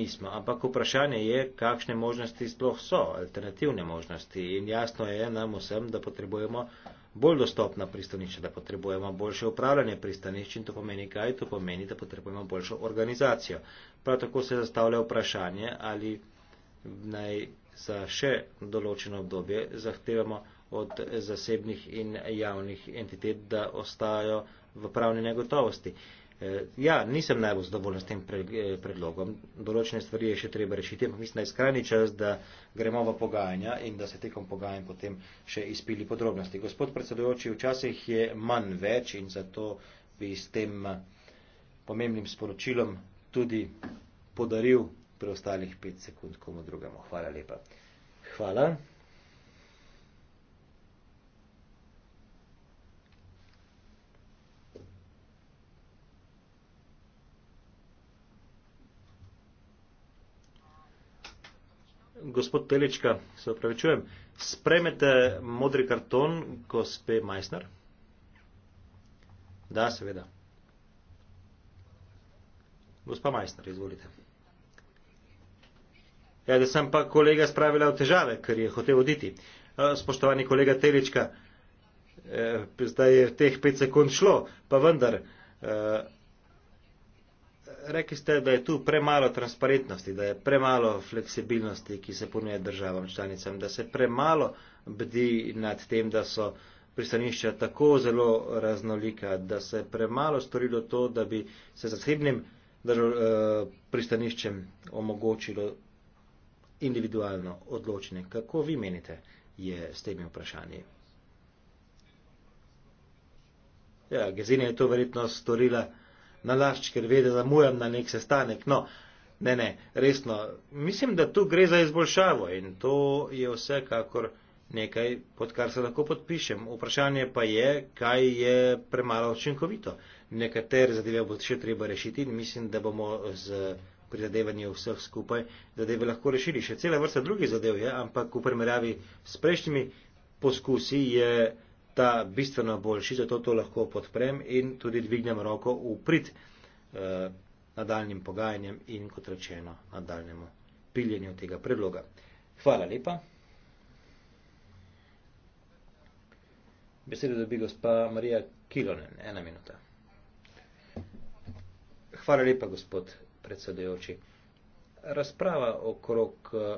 nismo. Ampak vprašanje je, kakšne možnosti sploh so, alternativne možnosti. In jasno je nam vsem, da potrebujemo bolj dostopna pristanišča, da potrebujemo boljše upravljanje pristanišč in to pomeni kaj? To pomeni, da potrebujemo boljšo organizacijo. Prav tako se zastavlja vprašanje, ali naj za še določeno obdobje zahtevamo od zasebnih in javnih entitet, da ostajajo v pravni negotovosti. E, ja, nisem najbolj zadovoljen s tem e, predlogom. Določene stvari je še treba rešiti, ampak mislim, da je skrajni čas, da gremo v pogajanja in da se tekom pogajanj potem še izpili podrobnosti. Gospod predsedujoči, včasih je manj več in zato bi s tem pomembnim sporočilom tudi podaril preostalih 5 sekund komu drugemu. Hvala lepa. Hvala. Gospod Telička, se opravičujem, spremete modri karton, ko spe Majsner? Da, seveda. Gospa Majsner, izvolite. Ja, da sem pa kolega spravila v težave, ker je hotel oditi. Eh, spoštovani kolega Telička, eh, zdaj je teh pet sekund šlo, pa vendar. Rekli ste, da je tu premalo transparentnosti, da je premalo fleksibilnosti, ki se ponuje državam članicam, da se premalo bdi nad tem, da so pristanišča tako zelo raznolika, da se premalo storilo to, da bi se zasebnim držav, eh, pristaniščem omogočilo individualno odločeni. Kako vi menite, je s temi vprašanji? Ja, Gezina je to verjetno storila na lašč, ker ve, da zamujam na nek sestanek. No, ne, ne, resno, mislim, da tu gre za izboljšavo in to je vsekakor nekaj, pod kar se lahko podpišem. Vprašanje pa je, kaj je premalo učinkovito. Nekatere zadeve bo še treba rešiti in mislim, da bomo z prizadevanje vseh skupaj, zadeve lahko rešili. Še cela vrsta drugih zadev je, ampak v primerjavi s prejšnjimi poskusi je ta bistveno boljši, zato to lahko podprem in tudi dvignem roko v prid eh, nadaljnim pogajanjem in kot rečeno nadaljnemu piljenju tega predloga. Hvala lepa. Besedo dobi gospa Marija Kilonen. Ena minuta. Hvala lepa, gospod predsedujoči. Razprava okrog eh,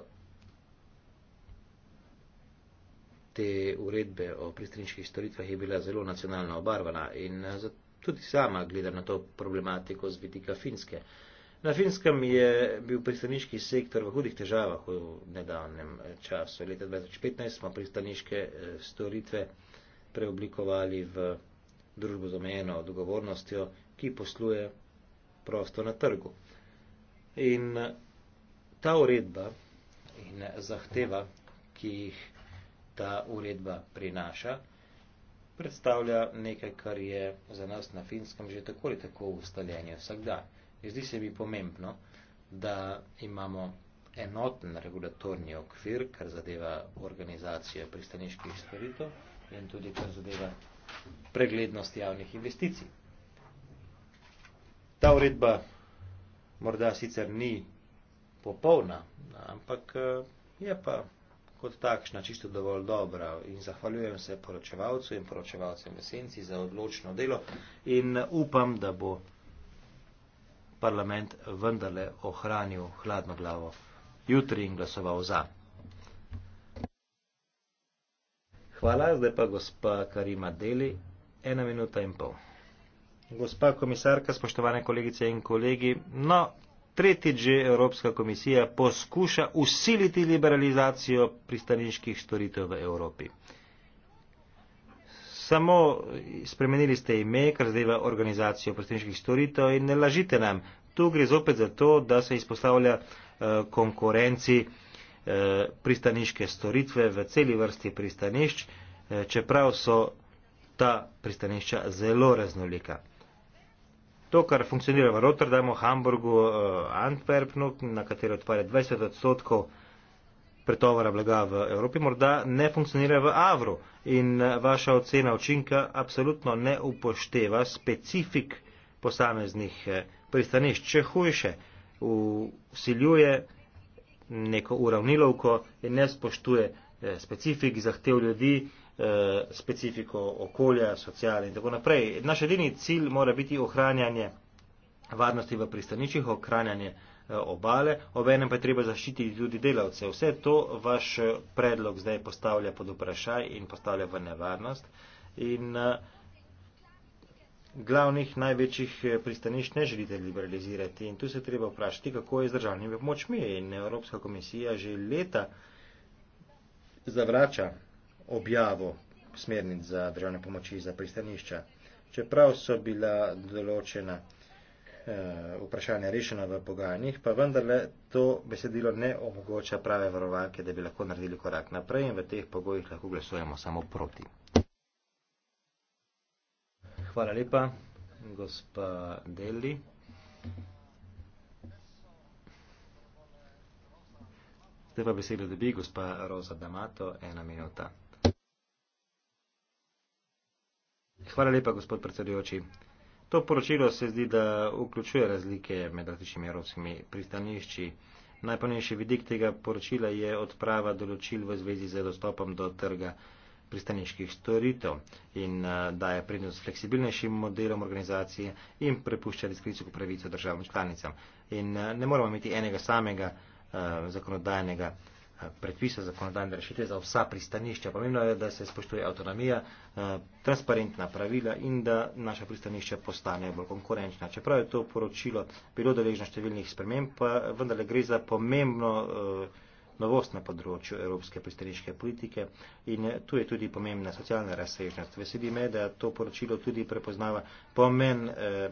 te uredbe o pristrinjskih storitvah je bila zelo nacionalno obarvana in eh, tudi sama gleda na to problematiko z vidika finske. Na finskem je bil pristaniški sektor v hudih težavah v nedavnem eh, času. Leta 2015 smo pristaniške storitve preoblikovali v družbo z omejeno odgovornostjo, ki posluje prosto na trgu. In eh, ta uredba in eh, zahteva, ki jih ta uredba prinaša, predstavlja nekaj, kar je za nas na finskem že tako ali tako ustaljenje vsakdan. Zdi se mi pomembno, da imamo enoten regulatorni okvir, kar zadeva organizacijo pristaniških storitev in tudi kar zadeva preglednost javnih investicij. Ta uredba morda sicer ni popolna, ampak eh, je pa kot takšna čisto dovolj dobra in zahvaljujem se poročevalcu in poročevalcem esenci za odločno delo in eh, upam, da bo parlament vendarle ohranil hladno glavo jutri in glasoval za. Hvala, zdaj pa gospa Karima Deli, ena minuta in pol gospa komisarka, spoštovane kolegice in kolegi. No, tretji že Evropska komisija poskuša usiliti liberalizacijo pristaniških storitev v Evropi. Samo spremenili ste ime, kar zdajva organizacijo pristaniških storitev in ne lažite nam. Tu gre zopet za to, da se izpostavlja eh, konkurenci eh, pristaniške storitve v celi vrsti pristanišč, eh, čeprav so ta pristanišča zelo raznolika. To, kar funkcionira v Rotterdamu, Hamburgu, eh, Antwerpnu, na katero odpare 20 odstotkov pretovora blaga v Evropi, morda ne funkcionira v Avru. In eh, vaša ocena učinka apsolutno ne upošteva specifik posameznih eh, pristanišč. Če hujše, usiljuje neko uravnilovko in ne spoštuje specifik zahtev ljudi. Eh, specifiko okolja, sociale in tako naprej. Naš edini cilj mora biti ohranjanje varnosti v pristaničih, ohranjanje eh, obale, obenem pa je treba zaščititi tudi delavce. Vse to vaš eh, predlog zdaj postavlja pod vprašaj in postavlja v nevarnost. In glavnih največjih pristanišč ne želite liberalizirati. In tu se treba vprašati, kako je z državnimi pomočmi. In Evropska komisija že leta zavrača objavo smernic za državne pomoči za pristanišča. Čeprav so bila določena eh, vprašanja rešena v pogajanjih, pa vendarle to besedilo ne omogoča prave varovalke, da bi lahko naredili korak naprej in v teh pogojih lahko glasujemo samo proti. Hvala lepa, gospa Deli. Zdaj pa besedo dobi gospa Roza D'Amato, ena minuta. Hvala lepa, gospod predsedujoči. To poročilo se zdi, da vključuje razlike med različnimi evropskimi pristanišči. Najpomembnejši vidik tega poročila je odprava določil v zvezi z dostopom do trga pristaniških storitev in daje prednost fleksibilnejšim modelom organizacije in prepušča diskrecijsko pravico državam članicam. In ne moramo imeti enega samega uh, zakonodajnega uh, predpisa zakonodajne rešitve za vsa pristanišča. Pomembno je, da se spoštuje avtonomija, eh, transparentna pravila in da naša pristanišča postanejo bolj konkurenčna. Čeprav je to poročilo bilo deležno številnih sprememb, pa vendarle gre za pomembno eh, novost na področju evropske pristaniške politike in eh, tu je tudi pomembna socialna razsežnost. Veseli me, da to poročilo tudi prepoznava pomen eh,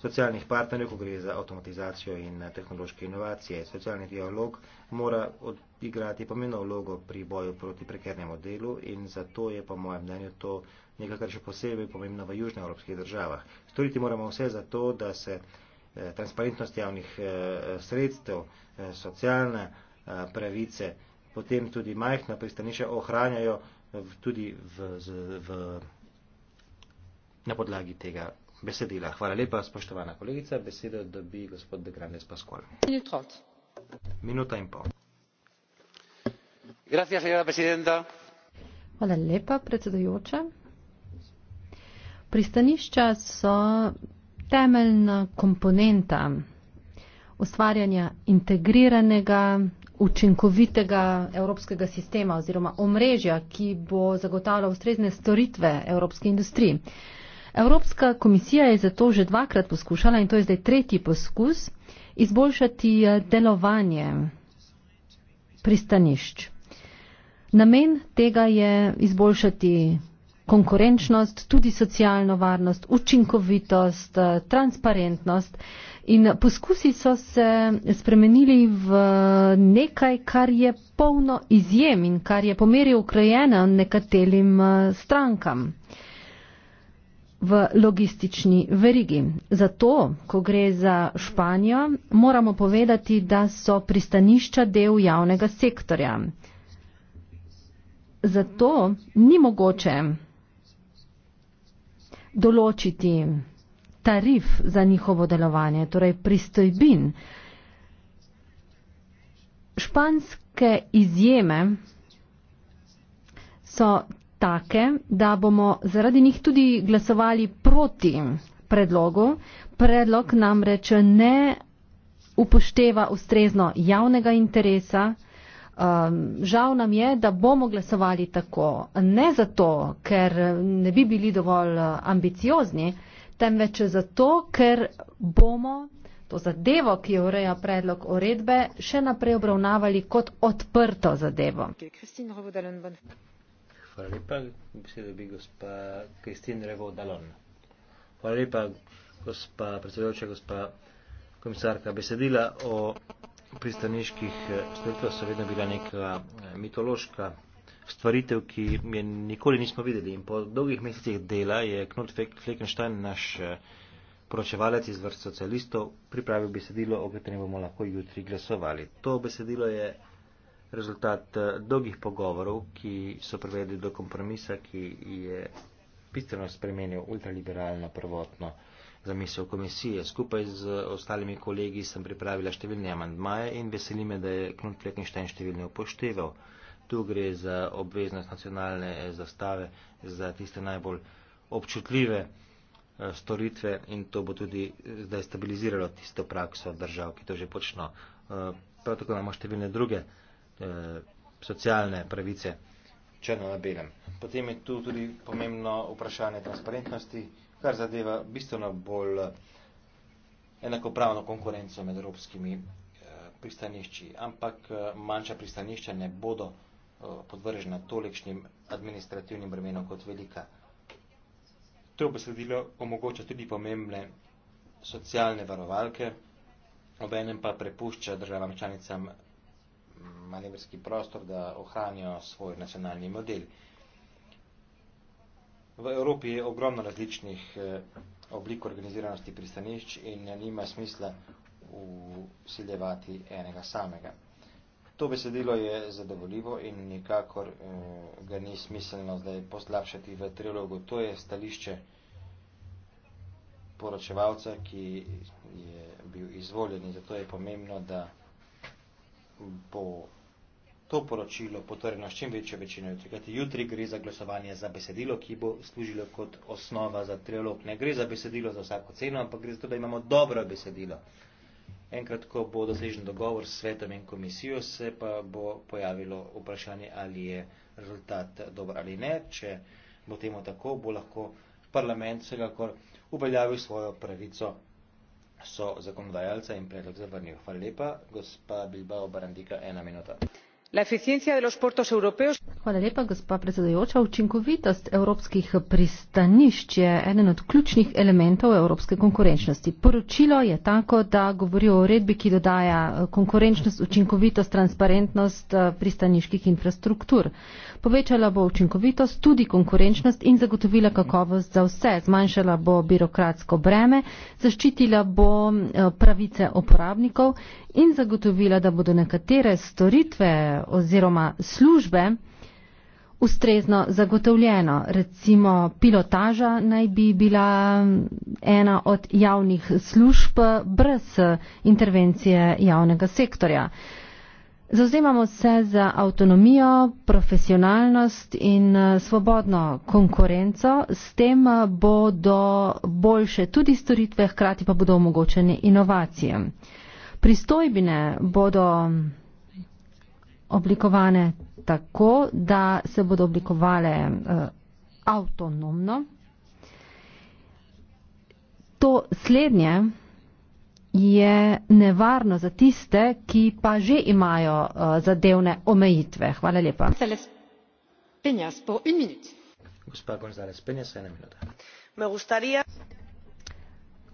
socialnih partnerjev, ko gre za avtomatizacijo in eh, tehnološke inovacije. Socialni dialog mora odigrati pomembno vlogo pri boju proti prekernemu delu in zato je po mojem mnenju to nekaj, kar še posebej pomembno v južnih evropskih državah. Storiti moramo vse za to, da se eh, transparentnost javnih eh, sredstev, eh, socialne eh, pravice, potem tudi majhna pristanišča ohranjajo v, tudi v, z, v, na podlagi tega besedila. Hvala lepa, spoštovana kolegica. Besedo dobi gospod De Grandes Pascual. Minuta in pol. Hvala lepa, predsedujoča. Pristanišča so temeljna komponenta ustvarjanja integriranega, učinkovitega evropskega sistema oziroma omrežja, ki bo zagotavljal ustrezne storitve evropske industrije. Evropska komisija je zato že dvakrat poskušala, in to je zdaj tretji poskus, izboljšati eh, delovanje pristanišč. Namen tega je izboljšati konkurenčnost, tudi socialno varnost, učinkovitost, eh, transparentnost in poskusi so se spremenili v eh, nekaj, kar je polno izjem in kar je pomeril ukrojeno nekaterim strankam v logistični verigi. Zato, ko gre za Španijo, moramo povedati, da so pristanišča del javnega sektorja. Zato ni mogoče določiti tarif za njihovo delovanje, torej pristojbin. Španske izjeme so take, da bomo zaradi njih tudi glasovali proti predlogu. Predlog namreč ne upošteva ustrezno javnega interesa. Ehm, žal nam je, da bomo glasovali tako. Ne zato, ker ne bi bili dovolj eh, ambiciozni, temveč zato, ker bomo to zadevo, ki jo ureja predlog uredbe, še naprej obravnavali kot odprto zadevo. Okay, Hvala lepa. Besedo bi gospa Kristin Revo Dalon. Hvala lepa, gospa predsedujoča, gospa komisarka. Besedila o pristaniških storitvah so vedno bila neka eh, mitološka stvaritev, ki je nikoli nismo videli. In po dolgih mesecih dela je Knut Fleckenstein, naš eh, poročevalec iz vrst socialistov, pripravil besedilo, o katerem bomo lahko jutri glasovali. To besedilo je rezultat eh, dolgih pogovorov, ki so privedli do kompromisa, ki je bistveno spremenil ultraliberalno prvotno zamisel komisije. Skupaj z ostalimi kolegi sem pripravila številne amandmaje in veseli me, da je Knut Fleckenstein številne upošteval. Tu gre za obveznost nacionalne eh, zastave, za tiste najbolj občutljive eh, storitve in to bo tudi zdaj stabiliziralo tisto prakso držav, ki to že počno. Prav tako imamo številne druge eh, socialne pravice. Črno na belem. Potem je tu tudi pomembno vprašanje transparentnosti, kar zadeva bistveno bolj enakopravno konkurenco med evropskimi eh, pristanišči, ampak eh, manjša pristanišča ne bodo eh, podvržena tolikšnim administrativnim bremenom kot velika. To besedilo omogoča tudi pomembne socialne varovalke, obenem pa prepušča državam članicam manevrski prostor, da ohranijo svoj nacionalni model. V Evropi je ogromno različnih eh, oblik organiziranosti pristanišč in nima smisla usiljevati enega samega. To besedilo je zadovoljivo in nikakor eh, ga ni smiselno zdaj poslabšati v trilogu. To je stališče poročevalca, ki je bil izvoljen in zato je pomembno, da bo to poročilo potrjeno s čim večjo večino jutri. Kajti jutri gre za glasovanje za besedilo, ki bo služilo kot osnova za trilog. Ne gre za besedilo za vsako ceno, ampak gre za to, da imamo dobro besedilo. Enkrat, ko bo dosežen dogovor s svetom in komisijo, se pa bo pojavilo vprašanje, ali je rezultat dober ali ne. Če bo temu tako, bo lahko parlament vsekakor uveljavil svojo pravico so zakonodajalca in predlog zavrnil. Hvala lepa, gospa Bilbao Barandika, ena minuta la eficiencia de los puertos europeos. Hvala lepa, gospa predsedujoča. Učinkovitost evropskih pristanišč je eden od ključnih elementov evropske konkurenčnosti. Poročilo je tako, da govori o uredbi, ki dodaja eh, konkurenčnost, učinkovitost, transparentnost eh, pristaniških infrastruktur. Povečala bo učinkovitost, tudi konkurenčnost in zagotovila kakovost za vse. Zmanjšala bo birokratsko breme, zaščitila bo eh, pravice uporabnikov in zagotovila, da bodo nekatere storitve oziroma službe ustrezno zagotovljeno. Recimo pilotaža naj bi bila ena od javnih služb brez intervencije javnega sektorja. Zauzemamo se za avtonomijo, profesionalnost in eh, svobodno konkurenco, s tem eh, bodo boljše tudi storitve, hkrati pa bodo omogočene inovacije. Pristojbine bodo oblikovane tako, da se bodo oblikovale eh, avtonomno. To slednje je nevarno za tiste, ki pa že imajo eh, zadevne omejitve. Hvala lepa.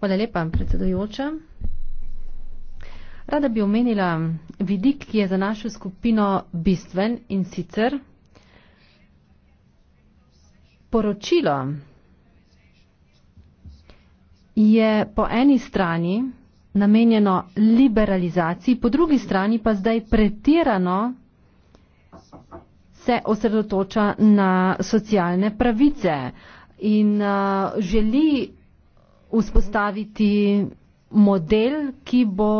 Hvala lepa, predsedujoča. Rada bi omenila vidik, ki je za našo skupino bistven in sicer poročilo je po eni strani namenjeno liberalizaciji, po drugi strani pa zdaj pretirano se osredotoča na socialne pravice in uh, želi vzpostaviti model, ki bo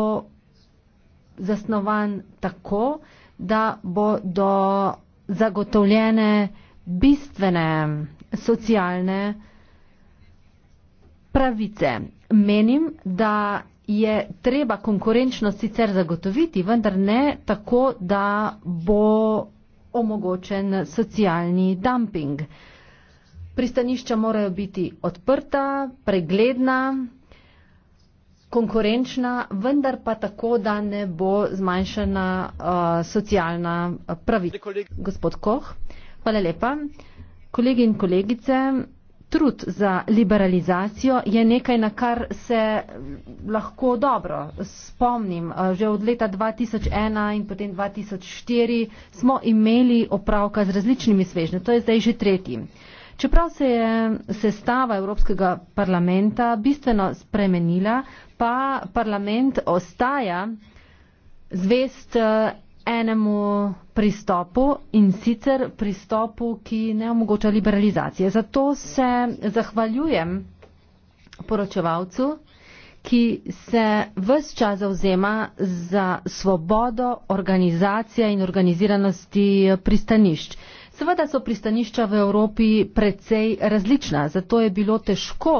zasnovan tako, da bo do zagotovljene bistvene socialne pravice. Menim, da je treba konkurenčnost sicer zagotoviti, vendar ne tako, da bo omogočen socialni dumping. Pristanišča morajo biti odprta, pregledna, konkurenčna, vendar pa tako, da ne bo zmanjšana uh, socialna uh, pravica. Gospod Koh, hvala lepa. Kolegi in kolegice, trud za liberalizacijo je nekaj, na kar se lahko dobro spomnim. Uh, že od leta 2001 in potem 2004 smo imeli opravka z različnimi svežnjami. To je zdaj že tretji. Čeprav se je sestava Evropskega parlamenta bistveno spremenila, pa parlament ostaja zvest eh, enemu pristopu in sicer pristopu, ki ne omogoča liberalizacije. Zato se zahvaljujem poročevalcu, ki se vse čas zauzema za svobodo organizacija in organiziranosti eh, pristanišč. Seveda so pristanišča v Evropi precej različna, zato je bilo težko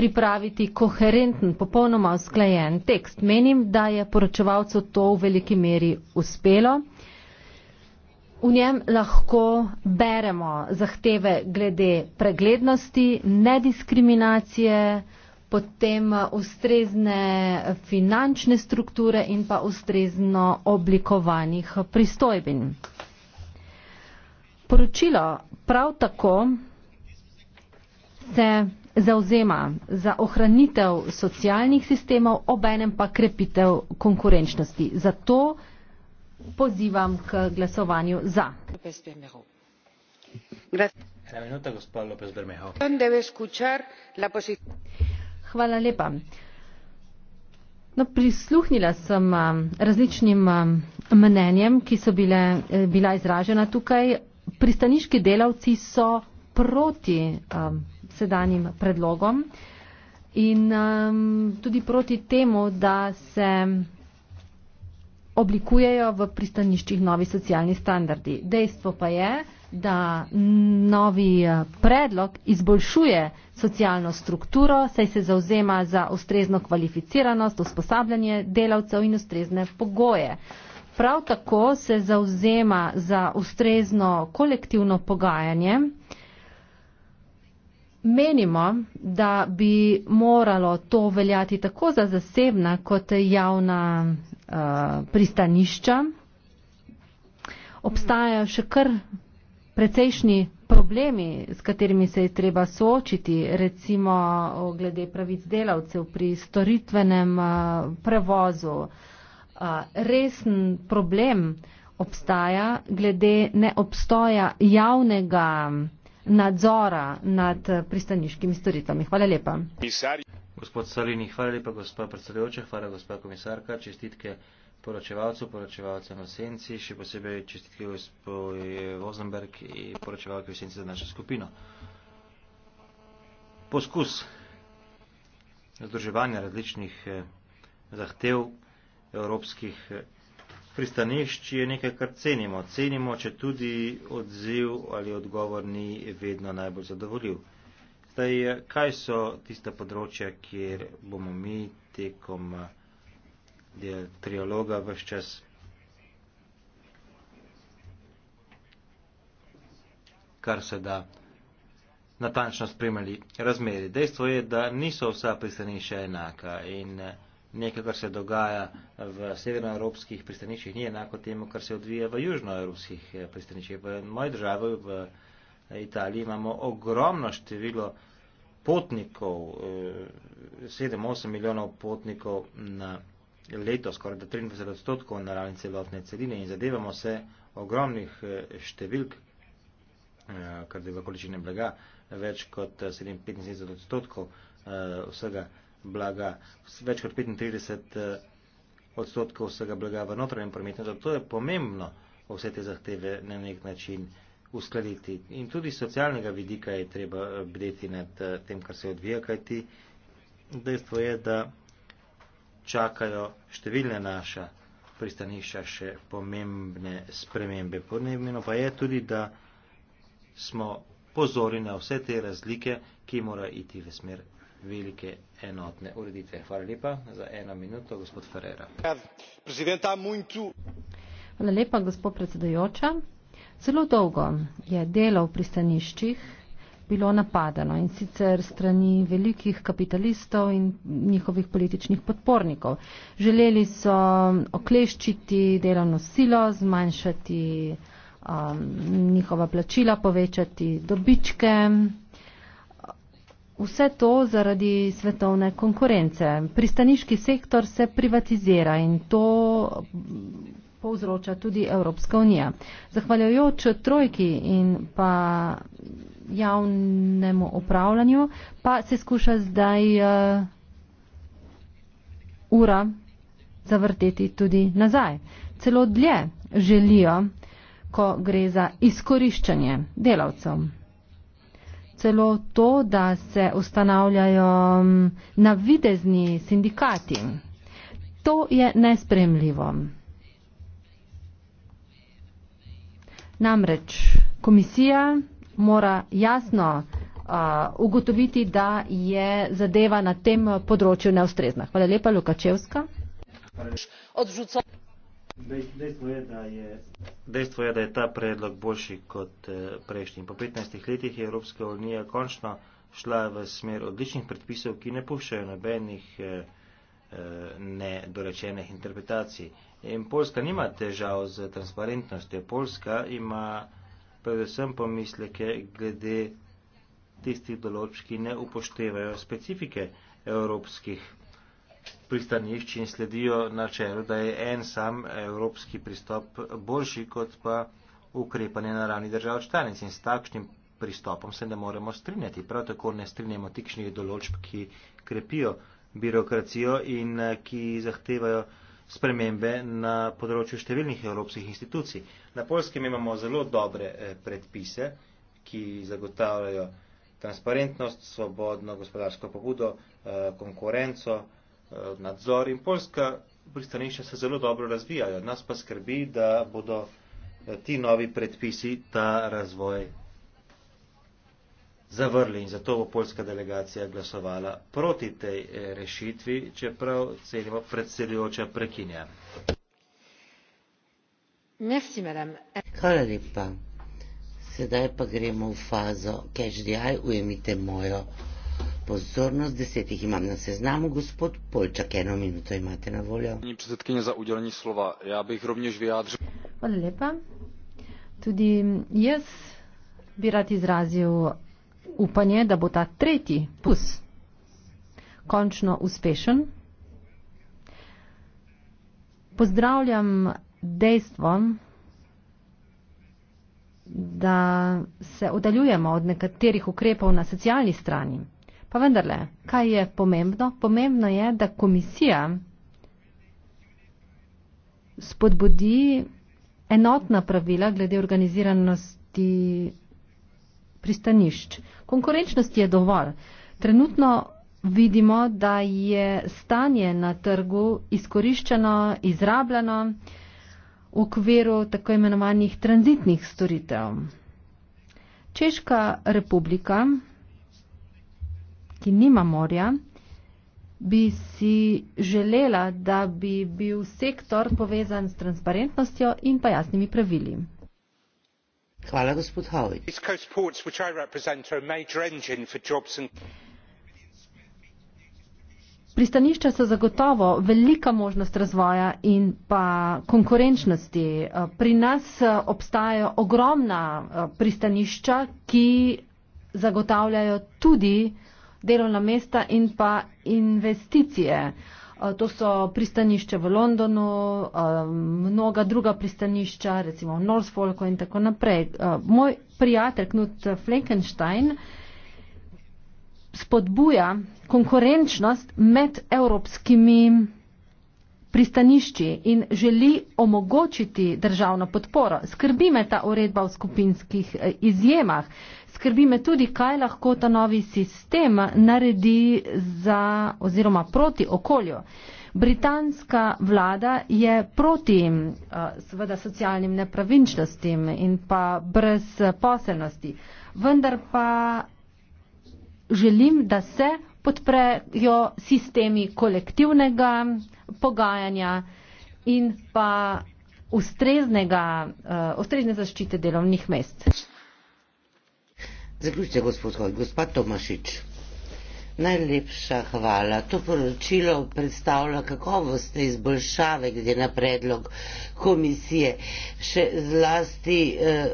pripraviti koherenten, popolnoma usklajen tekst. Menim, da je poročevalcu to v veliki meri uspelo. V njem lahko beremo zahteve glede preglednosti, nediskriminacije, potem ustrezne finančne strukture in pa ustrezno oblikovanih pristojbin. Poročilo prav tako se zauzema za ohranitev socialnih sistemov, obenem pa krepitev konkurenčnosti. Zato pozivam k glasovanju za. Hvala lepa. No, prisluhnila sem um, različnim um, mnenjem, ki so bile, eh, bila izražena tukaj. Pristaniški delavci so proti um, sedanjim predlogom in um, tudi proti temu, da se oblikujejo v pristaniščih novi socialni standardi. Dejstvo pa je, da novi eh, predlog izboljšuje socialno strukturo, saj se zauzema za ustrezno kvalificiranost, usposabljanje delavcev in ustrezne pogoje. Prav tako se zauzema za ustrezno kolektivno pogajanje, Menimo, da bi moralo to veljati tako za zasebna kot javna uh, pristanišča. Obstajajo še kar precejšnji problemi, s katerimi se je treba soočiti, recimo glede pravic delavcev pri storitvenem uh, prevozu. Uh, resen problem obstaja glede neobstoja javnega nadzora nad eh, pristaniškimi storitvami. Hvala lepa. Gospod Salini, hvala lepa, gospod predsedujoča, hvala gospod komisarka, čestitke poročevalcu, poročevalcem v Senci, še posebej čestitke gospod Vozenberg in poročevalke v Senci za našo skupino. Poskus združevanja različnih eh, zahtev evropskih eh, pristanišč je nekaj, kar cenimo. Cenimo, če tudi odziv ali odgovor ni vedno najbolj zadovoljiv. Zdaj, kaj so tista področja, kjer bomo mi tekom trialoga vse čas kar se da natančno spremljali razmeri. Dejstvo je, da niso vsa pristanišča enaka in nekaj, kar se dogaja v severnoevropskih pristaniščih, ni enako temu, kar se odvija v južnoevropskih eh, pristaniščih. V moji državi, v eh, Italiji, imamo ogromno število potnikov, 7-8 eh, milijonov potnikov na leto, skoraj da 23 odstotkov na ravni celotne celine in zadevamo se ogromnih številk, kar je v količine blaga, več kot 75 odstotkov vsega blaga, več kot 35 eh, odstotkov vsega blaga v notranjem prometu. Zato je pomembno vse te zahteve na nek način uskladiti. In tudi socialnega vidika je treba eh, bdeti nad eh, tem, kar se odvija, kajti dejstvo je, da čakajo številne naša pristanišča še pomembne spremembe. Pomembno pa je tudi, da smo pozori na vse te razlike, ki morajo iti v smer velike enotne ureditve. Hvala lepa za eno minuto, gospod Ferreira. Hvala lepa, gospod predsedujoča. Zelo dolgo je delo v pristaniščih bilo napadano in sicer strani velikih kapitalistov in njihovih političnih podpornikov. Želeli so okleščiti delovno silo, zmanjšati um, njihova plačila, povečati dobičke. Vse to zaradi svetovne konkurence. Pristaniški sektor se privatizira in to povzroča tudi Evropska unija. Zahvaljujoč trojki in pa javnemu upravljanju pa se skuša zdaj uh, ura zavrteti tudi nazaj. Celo dlje želijo, ko gre za izkoriščanje delavcev celo to, da se ustanavljajo mm, navidezni sindikati. To je nespremljivo. Namreč komisija mora jasno uh, ugotoviti, da je zadeva na tem področju neustrezna. Hvala lepa, Lukačevska. Odžuco. Dejstvo je, je, dejstvo je, da je ta predlog boljši kot eh, prejšnji. Po 15 letih je Evropska unija končno šla v smer odličnih predpisov, ki ne puščajo nobenih eh, eh, nedorečenih interpretacij. In Poljska nima težav z transparentnostjo. Poljska ima predvsem pomisleke glede tistih določb, ki ne upoštevajo specifike evropskih pristanišči in sledijo načelu, da je en sam evropski pristop boljši kot pa ukrepanje na ravni držav članic. In s takšnim pristopom se ne moremo strinjati. Prav tako ne strinjamo tikšnih določb, ki krepijo birokracijo in eh, ki zahtevajo spremembe na področju številnih evropskih institucij. Na polskem imamo zelo dobre eh, predpise, ki zagotavljajo transparentnost, svobodno gospodarsko pobudo, eh, konkurenco, Eh, nadzor in polska pristanišča se zelo dobro razvijajo. Nas pa skrbi, da bodo eh, ti novi predpisi ta razvoj zavrli in zato bo polska delegacija glasovala proti tej eh, rešitvi, čeprav cenimo predsedujoča prekinja. Merci, Hvala lepa. Sedaj pa gremo v fazo, kaj ždi aj, ujemite mojo pozornost, deset jih imam na seznamu, gospod Polčak, eno minuto imate na voljo. Ni predsedkinja za udeljenje slova, ja bi jih robnjež vyjadril. Hvala lepa. Tudi jaz bi rad izrazil upanje, da bo ta tretji pus končno uspešen. Pozdravljam dejstvo, da se oddaljujemo od nekaterih ukrepov na socialni strani. Pa vendarle, kaj je pomembno? Pomembno je, da komisija spodbudi enotna pravila glede organiziranosti pristanišč. Konkurenčnost je dovolj. Trenutno vidimo, da je stanje na trgu izkoriščeno, izrabljeno v okviru tako imenovanih tranzitnih storitev. Češka republika ki nima morja, bi si želela, da bi bil sektor povezan s transparentnostjo in pa jasnimi pravili. Hvala, gospod Hovig. Pristanišča so zagotovo velika možnost razvoja in pa konkurenčnosti. Pri nas eh, obstajajo ogromna eh, pristanišča, ki zagotavljajo tudi delovna mesta in pa investicije. Eh, to so pristanišče v Londonu, eh, mnoga druga pristanišča, recimo v Norfolku in tako naprej. Eh, moj prijatelj Knut Flekenstein spodbuja konkurenčnost med evropskimi pristanišči in želi omogočiti državno podporo. Skrbi me ta uredba v skupinskih izjemah skrbi me tudi, kaj lahko ta novi sistem naredi za oziroma proti okolju. Britanska vlada je proti eh, seveda socialnim nepravinčnostim in pa brez poselnosti, vendar pa želim, da se podprejo sistemi kolektivnega pogajanja in pa ustreznega, eh, ustrezne zaščite delovnih mest. Zaključite, gospod Hoj, gospod Tomašič. Najlepša hvala. To poročilo predstavlja kakovostne izboljšave glede na predlog komisije, še zlasti eh,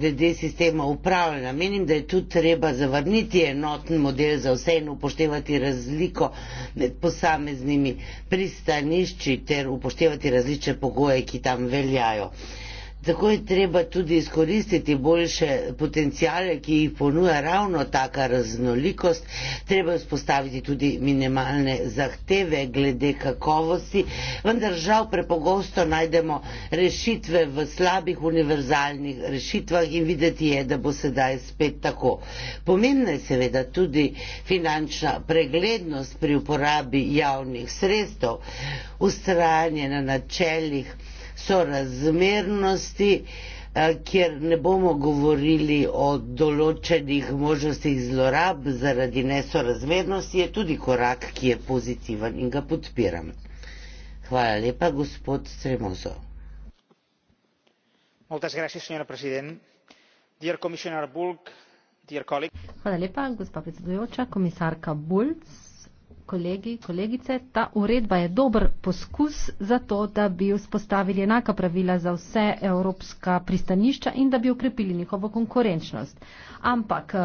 glede eh, sistema upravljanja. Menim, da je tu treba zavrniti enoten model za vse in upoštevati razliko med posameznimi pristanišči ter upoštevati različne pogoje, ki tam veljajo. Eh, Tako je treba tudi izkoristiti boljše potencijale, ki jih ponuja ravno taka raznolikost. Treba je spostaviti tudi minimalne zahteve glede kakovosti, vendar žal prepogosto najdemo rešitve v slabih univerzalnih rešitvah in videti je, da bo sedaj spet tako. Pomembna je seveda tudi finančna preglednost pri uporabi javnih sredstev, ustrajanje na načeljih, sorazmernosti, eh, kjer ne bomo govorili o določenih možnostih zlorab zaradi nesorazmernosti, je tudi korak, ki je pozitiven in ga podpiram. Hvala lepa, gospod Tremozo. Hvala lepa, gospa predsedujoča, komisarka Bulc kolegi, kolegice, ta uredba je dober poskus za to, da bi vzpostavili enaka pravila za vse evropska pristanišča in da bi ukrepili njihovo konkurenčnost. Ampak eh,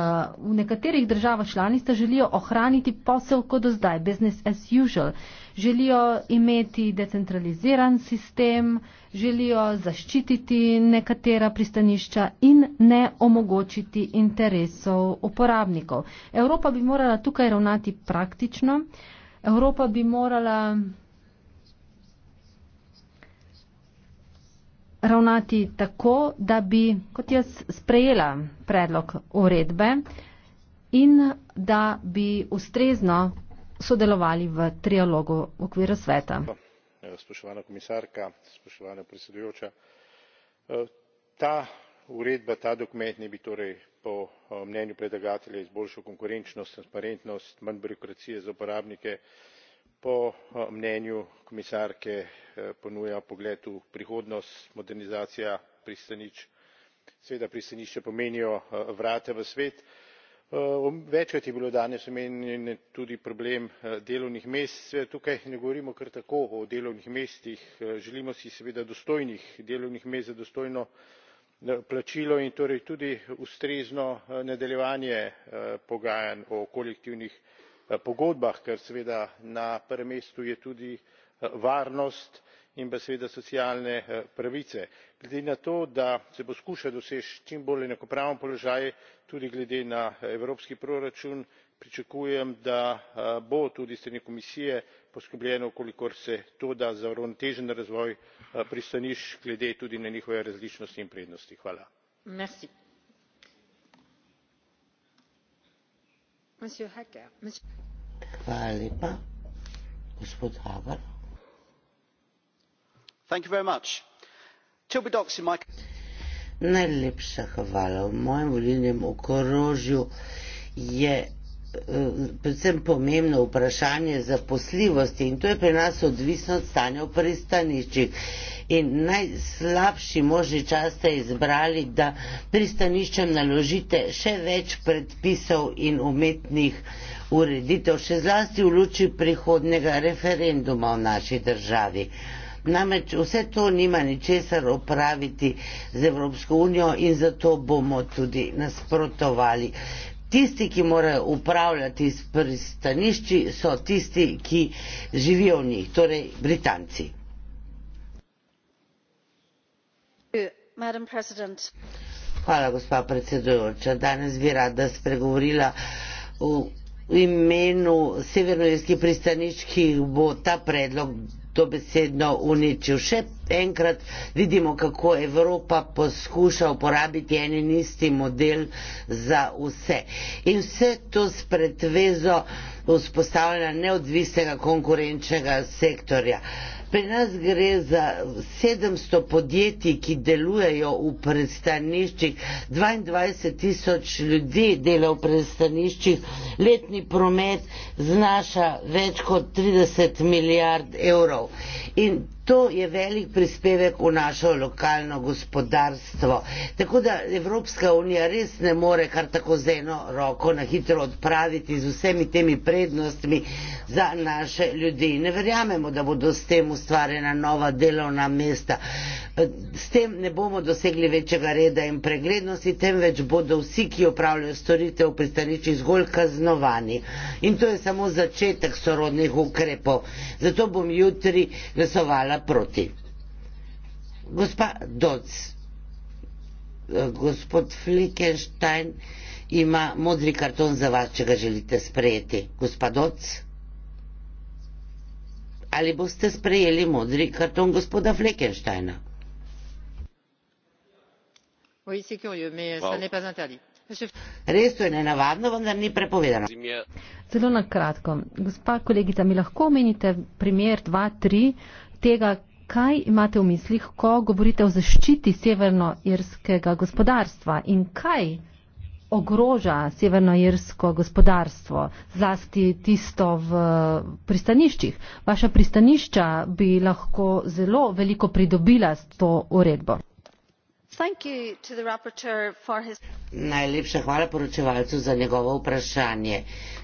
v nekaterih državah članista želijo ohraniti posel kot do zdaj, business as usual želijo imeti decentraliziran sistem, želijo zaščititi nekatera pristanišča in ne omogočiti interesov uporabnikov. Evropa bi morala tukaj ravnati praktično. Evropa bi morala ravnati tako, da bi, kot jaz, sprejela predlog uredbe in da bi ustrezno sodelovali v trialogu v okviru sveta. Spoštovana komisarka, spoštovana predsedujoča, eh, ta uredba, ta dokument ne bi torej po eh, mnenju predlagatelja izboljšal konkurenčnost, transparentnost, manj birokracije za uporabnike. Po eh, mnenju komisarke ponuja pogled v prihodnost, modernizacija pristanišč. Seveda pristanišča pomenijo vrata v svet. Eh, um, večkrat je bilo danes omenjen tudi problem eh, delovnih mest seveda tukaj ne govorimo kar tako o delovnih mestih eh, želimo si seveda dostojnih delovnih mest za dostojno plačilo in torej tudi ustrezno nadaljevanje pogajanj o kolektivnih pogodbah ker seveda na prvem mestu je tudi varnost in pa seveda socialne pravice glede na to da se poskuša doseči čim bolj enakopraven položaj tudi glede na eh, evropski proračun pričakujem da eh, bo tudi s strani komisije poskrbljeno kolikor se to da za uravnotežen razvoj eh, pristanišč glede tudi na njihove različnosti in prednosti. Najlepša hvala. V mojem volilnem okrožju je eh, predvsem pomembno vprašanje zaposljivosti in to je pri nas odvisno od stanja v pristaniščih. In najslabši možni čas ste izbrali, da pristaniščem naložite še več predpisov in umetnih ureditev, še zlasti v luči prihodnega referenduma v naši državi. Namreč vse to nima ničesar opraviti z Evropsko unijo in zato bomo tudi nasprotovali. Tisti, ki morajo upravljati s pristanišči, so tisti, ki živijo v njih, torej Britanci. Hvala, gospa predsedujoča. Danes bi rada spregovorila v imenu severnojskih pristanišč, ki jih bo ta predlog dobesedno uničil. Še enkrat vidimo, kako Evropa poskuša uporabiti en in isti model za vse. In vse to s pretvezo vzpostavljanja neodvisnega konkurenčnega sektorja. Pri nas gre za 700 podjetij, ki delujejo v prestaniščih, 22 tisoč ljudi dela v prestaniščih, letni promet znaša več kot 30 milijard evrov. In To je velik prispevek v našo lokalno gospodarstvo. Tako da Evropska unija res ne more kar tako z eno roko na hitro odpraviti z vsemi temi prednostmi za naše ljudi. Ne verjamemo, da bodo s tem ustvarjena nova delovna mesta. S tem ne bomo dosegli večjega reda in preglednosti, temveč bodo vsi, ki upravljajo storitev v pristanišču, zgolj kaznovani. In to je samo začetek sorodnih ukrepov. Zato bom jutri glasovala proti. Gospa Doc, eh, gospod Flickenstein ima modri karton za vas, če ga želite sprejeti. Gospa Doc, ali boste sprejeli modri karton gospoda Flickensteina? Euh, zelo na kratko gospa kolegica mi lahko omenite primer dva tri tega kaj imate v mislih ko govorite o zaščiti severnoirskega gospodarstva in kaj ogroža severnoirsko gospodarstvo, zlasti tisto v pristaniščih. Vaša pristanišča bi lahko zelo veliko pridobila s to uredbo najlepša hvala poročevalcu za njegovo vprašanje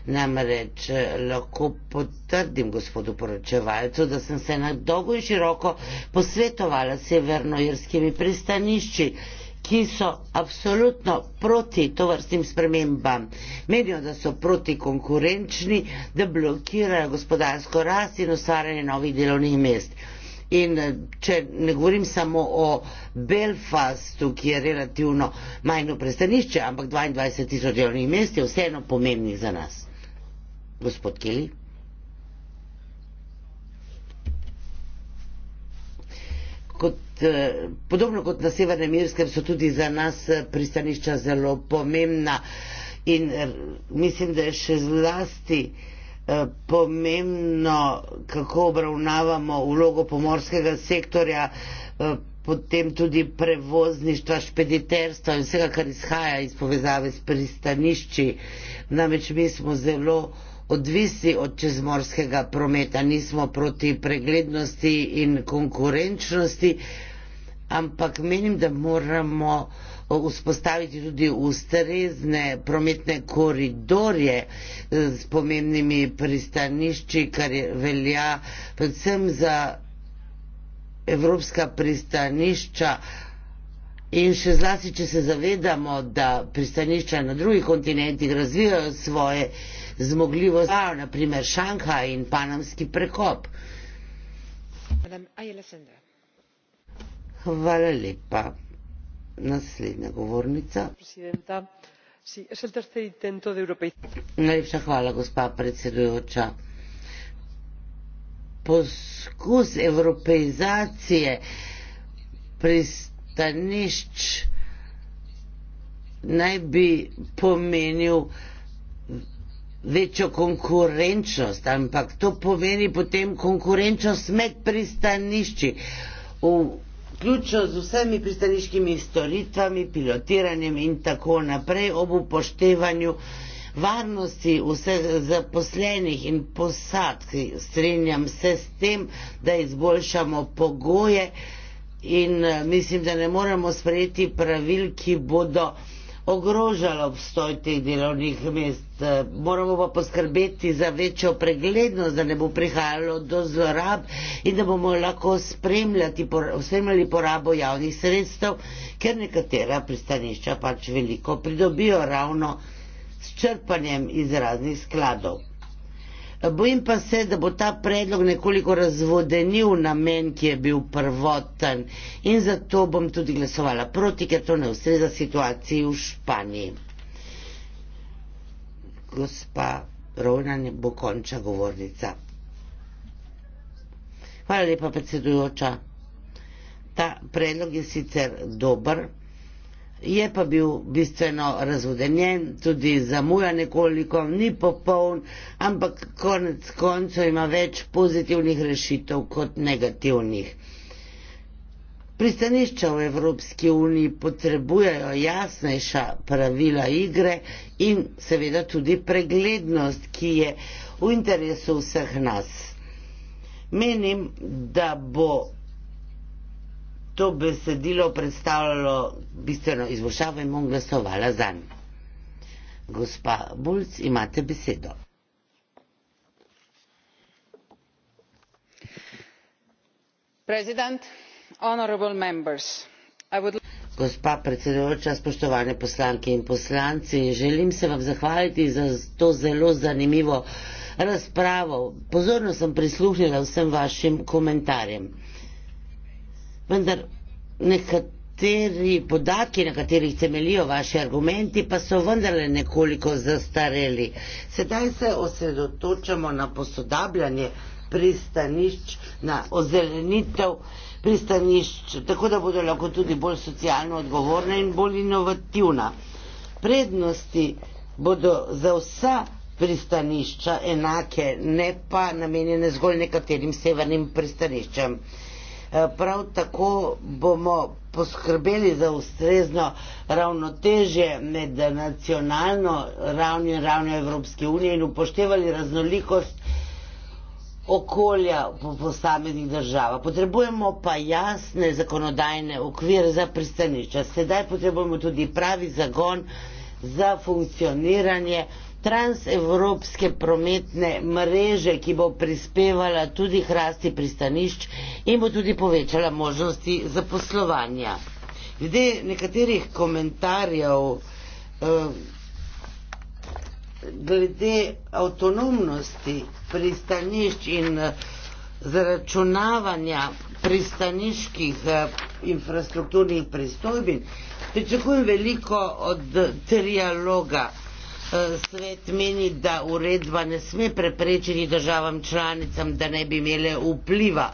namreč eh, lahko potrdim gospodu poročevalcu da sem se na dolgo in široko posvetovala severnoirskimi pristanišči ki so absolutno proti tovrstnim spremembam. Menijo, da so protikonkurenčni, da blokirajo gospodarsko rast in ustvarjanje novih delovnih mest. In eh, če ne govorim samo o Belfastu, ki je relativno majno prestanišče, ampak 22 tisoč delovnih mest je vseeno pomembnih za nas. Gospod Kelly. Kot, eh, podobno kot na Severnem Irskem so tudi za nas eh, pristanišča zelo pomembna in mislim, da je še zlasti eh, Eh, pomembno, kako obravnavamo vlogo pomorskega sektorja, eh, potem tudi prevozništva, špediterstva in vsega, kar izhaja iz povezave s pristanišči. Namreč mi smo zelo odvisni od čezmorskega prometa, nismo proti preglednosti in konkurenčnosti, ampak menim, da moramo vzpostaviti tudi ustrezne prometne koridorje eh, s pomembnimi pristanišči, kar velja predvsem za evropska pristanišča. In še zlasti, če se zavedamo, da pristanišča na drugih kontinentih razvijajo svoje zmogljivosti, kot naprimer Šanghaj in Panamski prekop. Hvala lepa naslednja govornica. Najlepša hvala, gospa predsedujoča. Poskus evropeizacije pristanišč naj bi pomenil večjo konkurenčnost, ampak to pomeni potem konkurenčnost med pristanišči. V vključno z vsemi pristaniškimi storitvami, pilotiranjem in tako naprej ob upoštevanju varnosti vseh zaposlenih in posadk. Strenjam se s tem, da izboljšamo pogoje in eh, mislim, da ne moremo sprejeti pravil, ki bodo ogrožalo obstoj teh delovnih mest. Moramo pa poskrbeti za večjo preglednost, da ne bo prihajalo do zlorab in da bomo lahko spremljali porabo javnih sredstev, ker nekatera pristanišča pač veliko pridobijo ravno s črpanjem iz raznih skladov. Bojim pa se, da bo ta predlog nekoliko razvodenil namen, ki je bil prvoten in zato bom tudi glasovala proti, ker to ne ustreza situaciji v Španiji. Gospa Rovnan bo konča govornica. Hvala lepa, predsedujoča. Ta predlog je sicer dober je pa bil bistveno razvodenjen, tudi zamuja nekoliko, ni popoln, ampak konec koncev ima več pozitivnih rešitev kot negativnih. Pristanišča v Evropski uniji potrebujejo jasnejša pravila igre in seveda tudi preglednost, ki je v interesu vseh nas. Menim, da bo to besedilo predstavljalo bistveno izboljšavo in bom glasovala za njo. Gospa Bulc, imate besedo. Gospa predsedujoča, spoštovane poslanke in poslanci, želim se vam zahvaliti za to zelo zanimivo razpravo. Pozorno sem prisluhnila vsem vašim komentarjem vendar nekateri podatki, na katerih temelijo vaši argumenti, pa so vendarle nekoliko zastareli. Sedaj se osredotočamo na posodabljanje pristanišč, na ozelenitev pristanišč, tako da bodo lahko tudi bolj socialno odgovorna in bolj inovativna. Prednosti bodo za vsa pristanišča enake, ne pa namenjene zgolj nekaterim severnim pristaniščem. Eh, prav tako bomo poskrbeli za ustrezno ravnotežje med nacionalno ravnjo in ravnjo Evropske unije in upoštevali raznolikost okolja po posameznih državah. Potrebujemo pa jasne zakonodajne okvire za pristanišča. Sedaj potrebujemo tudi pravi zagon za funkcioniranje transevropske prometne mreže, ki bo prispevala tudi k rasti pristanišč in bo tudi povečala možnosti zaposlovanja. Glede nekaterih komentarjev, eh, glede avtonomnosti pristanišč in eh, zaračunavanja pristaniških eh, infrastrukturnih pristojbin, pričakujem veliko od trialoga svet meni, da uredba ne sme preprečiti državam članicam, da ne bi imele vpliva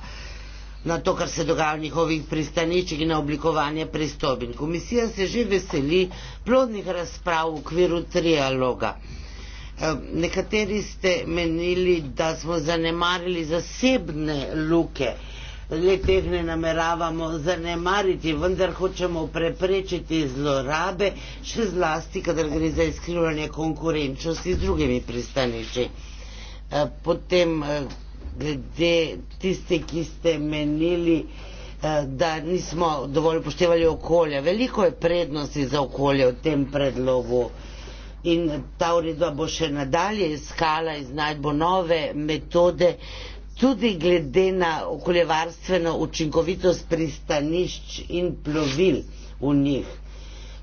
na to, kar se dogaja v njihovih pristaniščih in na oblikovanje pristopin. Komisija se že veseli plodnih razprav v okviru trialoga. Eh, nekateri ste menili, da smo zanemarili zasebne luke leteh ne nameravamo zanemariti, vendar hočemo preprečiti zlorabe, še zlasti, kadar gre za izkrivljanje konkurenčnosti z drugimi pristanišči. Eh, potem, eh, glede tiste, ki ste menili, eh, da nismo dovolj upoštevali okolja. Veliko je prednosti za okolje v tem predlogu in ta uredba bo še nadalje iskala in znajdbo nove metode tudi glede na okoljevarstveno učinkovitost pristanišč in plovil v njih.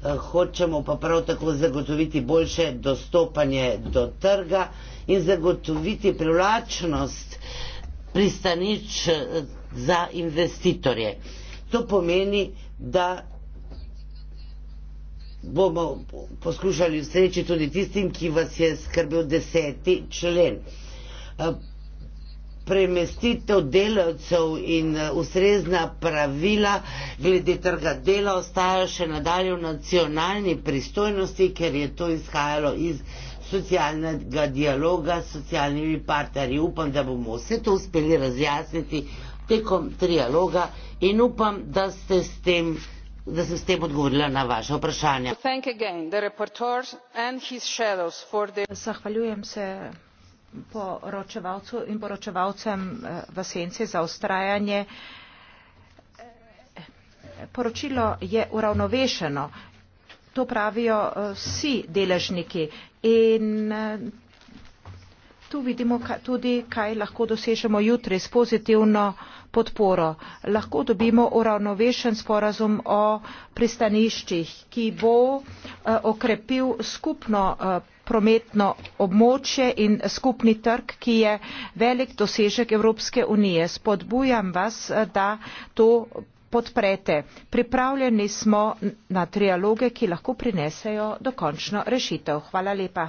Eh, hočemo pa prav tako zagotoviti boljše dostopanje do trga in zagotoviti privlačnost pristanič eh, za investitorje. To pomeni, da bomo poskušali vstreči tudi tistim, ki vas je skrbil deseti člen. Eh, premestitev delavcev in eh, ustrezna pravila glede trga dela ostajajo še nadalje v nacionalni pristojnosti, ker je to izhajalo iz socialnega dialoga s socialnimi partnerji. Upam, da bomo vse to uspeli razjasniti tekom trialoga in upam, da ste s tem da sem s tem odgovorila na vaše vprašanje. Zahvaljujem se poročevalcu za njegovo delo poročevalcu in poročevalcem eh, v senci za ustrajanje. Poročilo je uravnovešeno, to pravijo eh, vsi deležniki in eh, tu vidimo tudi, kaj lahko dosežemo jutri s pozitivno podporo. Lahko dobimo uravnovešen sporazum o pristaniščih, ki bo okrepil skupno prometno območje in skupni trg, ki je velik dosežek Evropske unije. Spodbujam vas, da to podprete. Pripravljeni smo na trialoge, ki lahko prinesejo dokončno rešitev. Hvala lepa.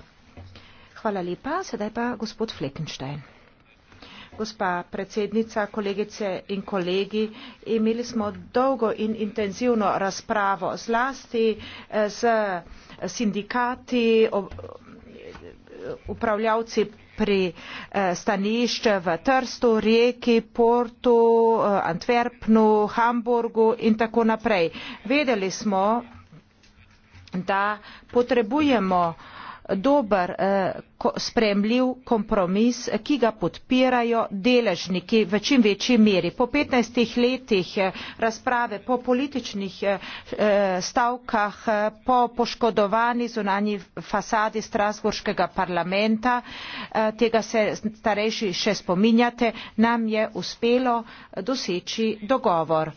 Hvala lepa. Sedaj pa gospod Fleckenstein. Gospa predsednica, kolegice in kolegi, imeli smo dolgo in intenzivno razpravo zlasti z eh, sindikati. Ob, upravljavci pri eh, stanišče v Trstu, Rijeki, Portu, eh, Antwerpnu, Hamburgu in tako naprej. Vedeli smo, da potrebujemo uh, dober eh, sprejemljiv kompromis eh, ki ga podpirajo deležniki v čim večji meri. po petnajst letih eh, razprave po političnih stavkah po poškodovani zunanji fasadi strasbourškega parlamenta tega se starejši še spominjate nam je uspelo doseči dogovor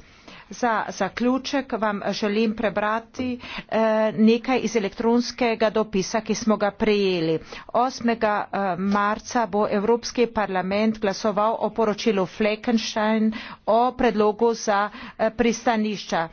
za zaključek vam želim prebrati eh, nekaj iz elektronskega dopisa, ki smo ga prejeli. 8. Eh, marca bo Evropski parlament glasoval o poročilu Fleckenstein o predlogu za eh, pristanišča.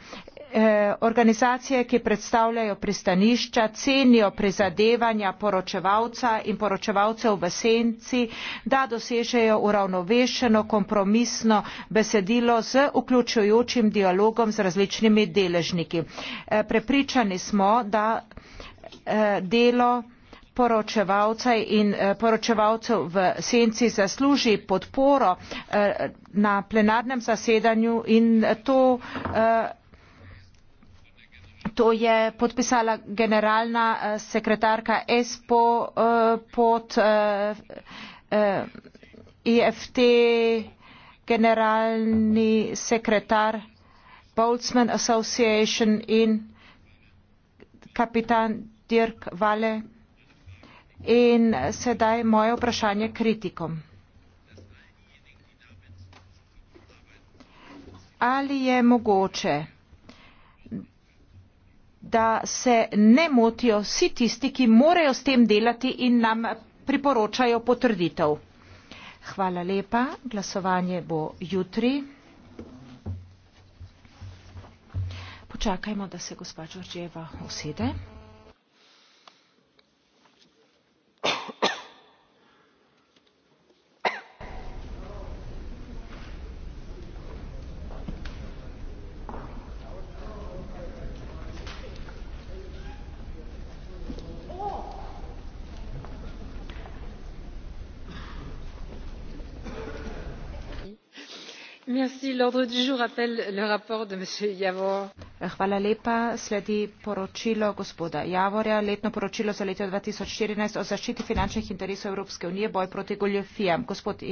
Eh, organizacije ki predstavljajo pristanišča cenijo prizadevanja poročevalca in poročevalcev v senci da dosežejo uravnovešeno kompromisno besedilo z vključujočim dialogom z različnimi deležniki. Eh, prepričani smo da eh, delo poročevalca in poročevalcev v senci zasluži podporo na plenarnem zasedanju in to to je podpisala generalna eh, sekretarka espo eh, pod EFT eh, generalni sekretar Boltzmann Association in kapitan Dirk Vale. In sedaj moje vprašanje kritikom. Ali je mogoče da se ne motijo vsi tisti, ki morajo s tem delati in nam priporočajo potrditev. Hvala lepa. Glasovanje bo jutri. Počakajmo, da se gospa Đorđeva usede. l'ordre du jour appelle le rapport de monsieur Javor. Hvala lepa. Sledi poročilo gospoda Javorja, letno poročilo za leto 2014 o zaščiti finančnih interesov Evropske unije, boj proti goljofijam. Gospod Javor, izvolite.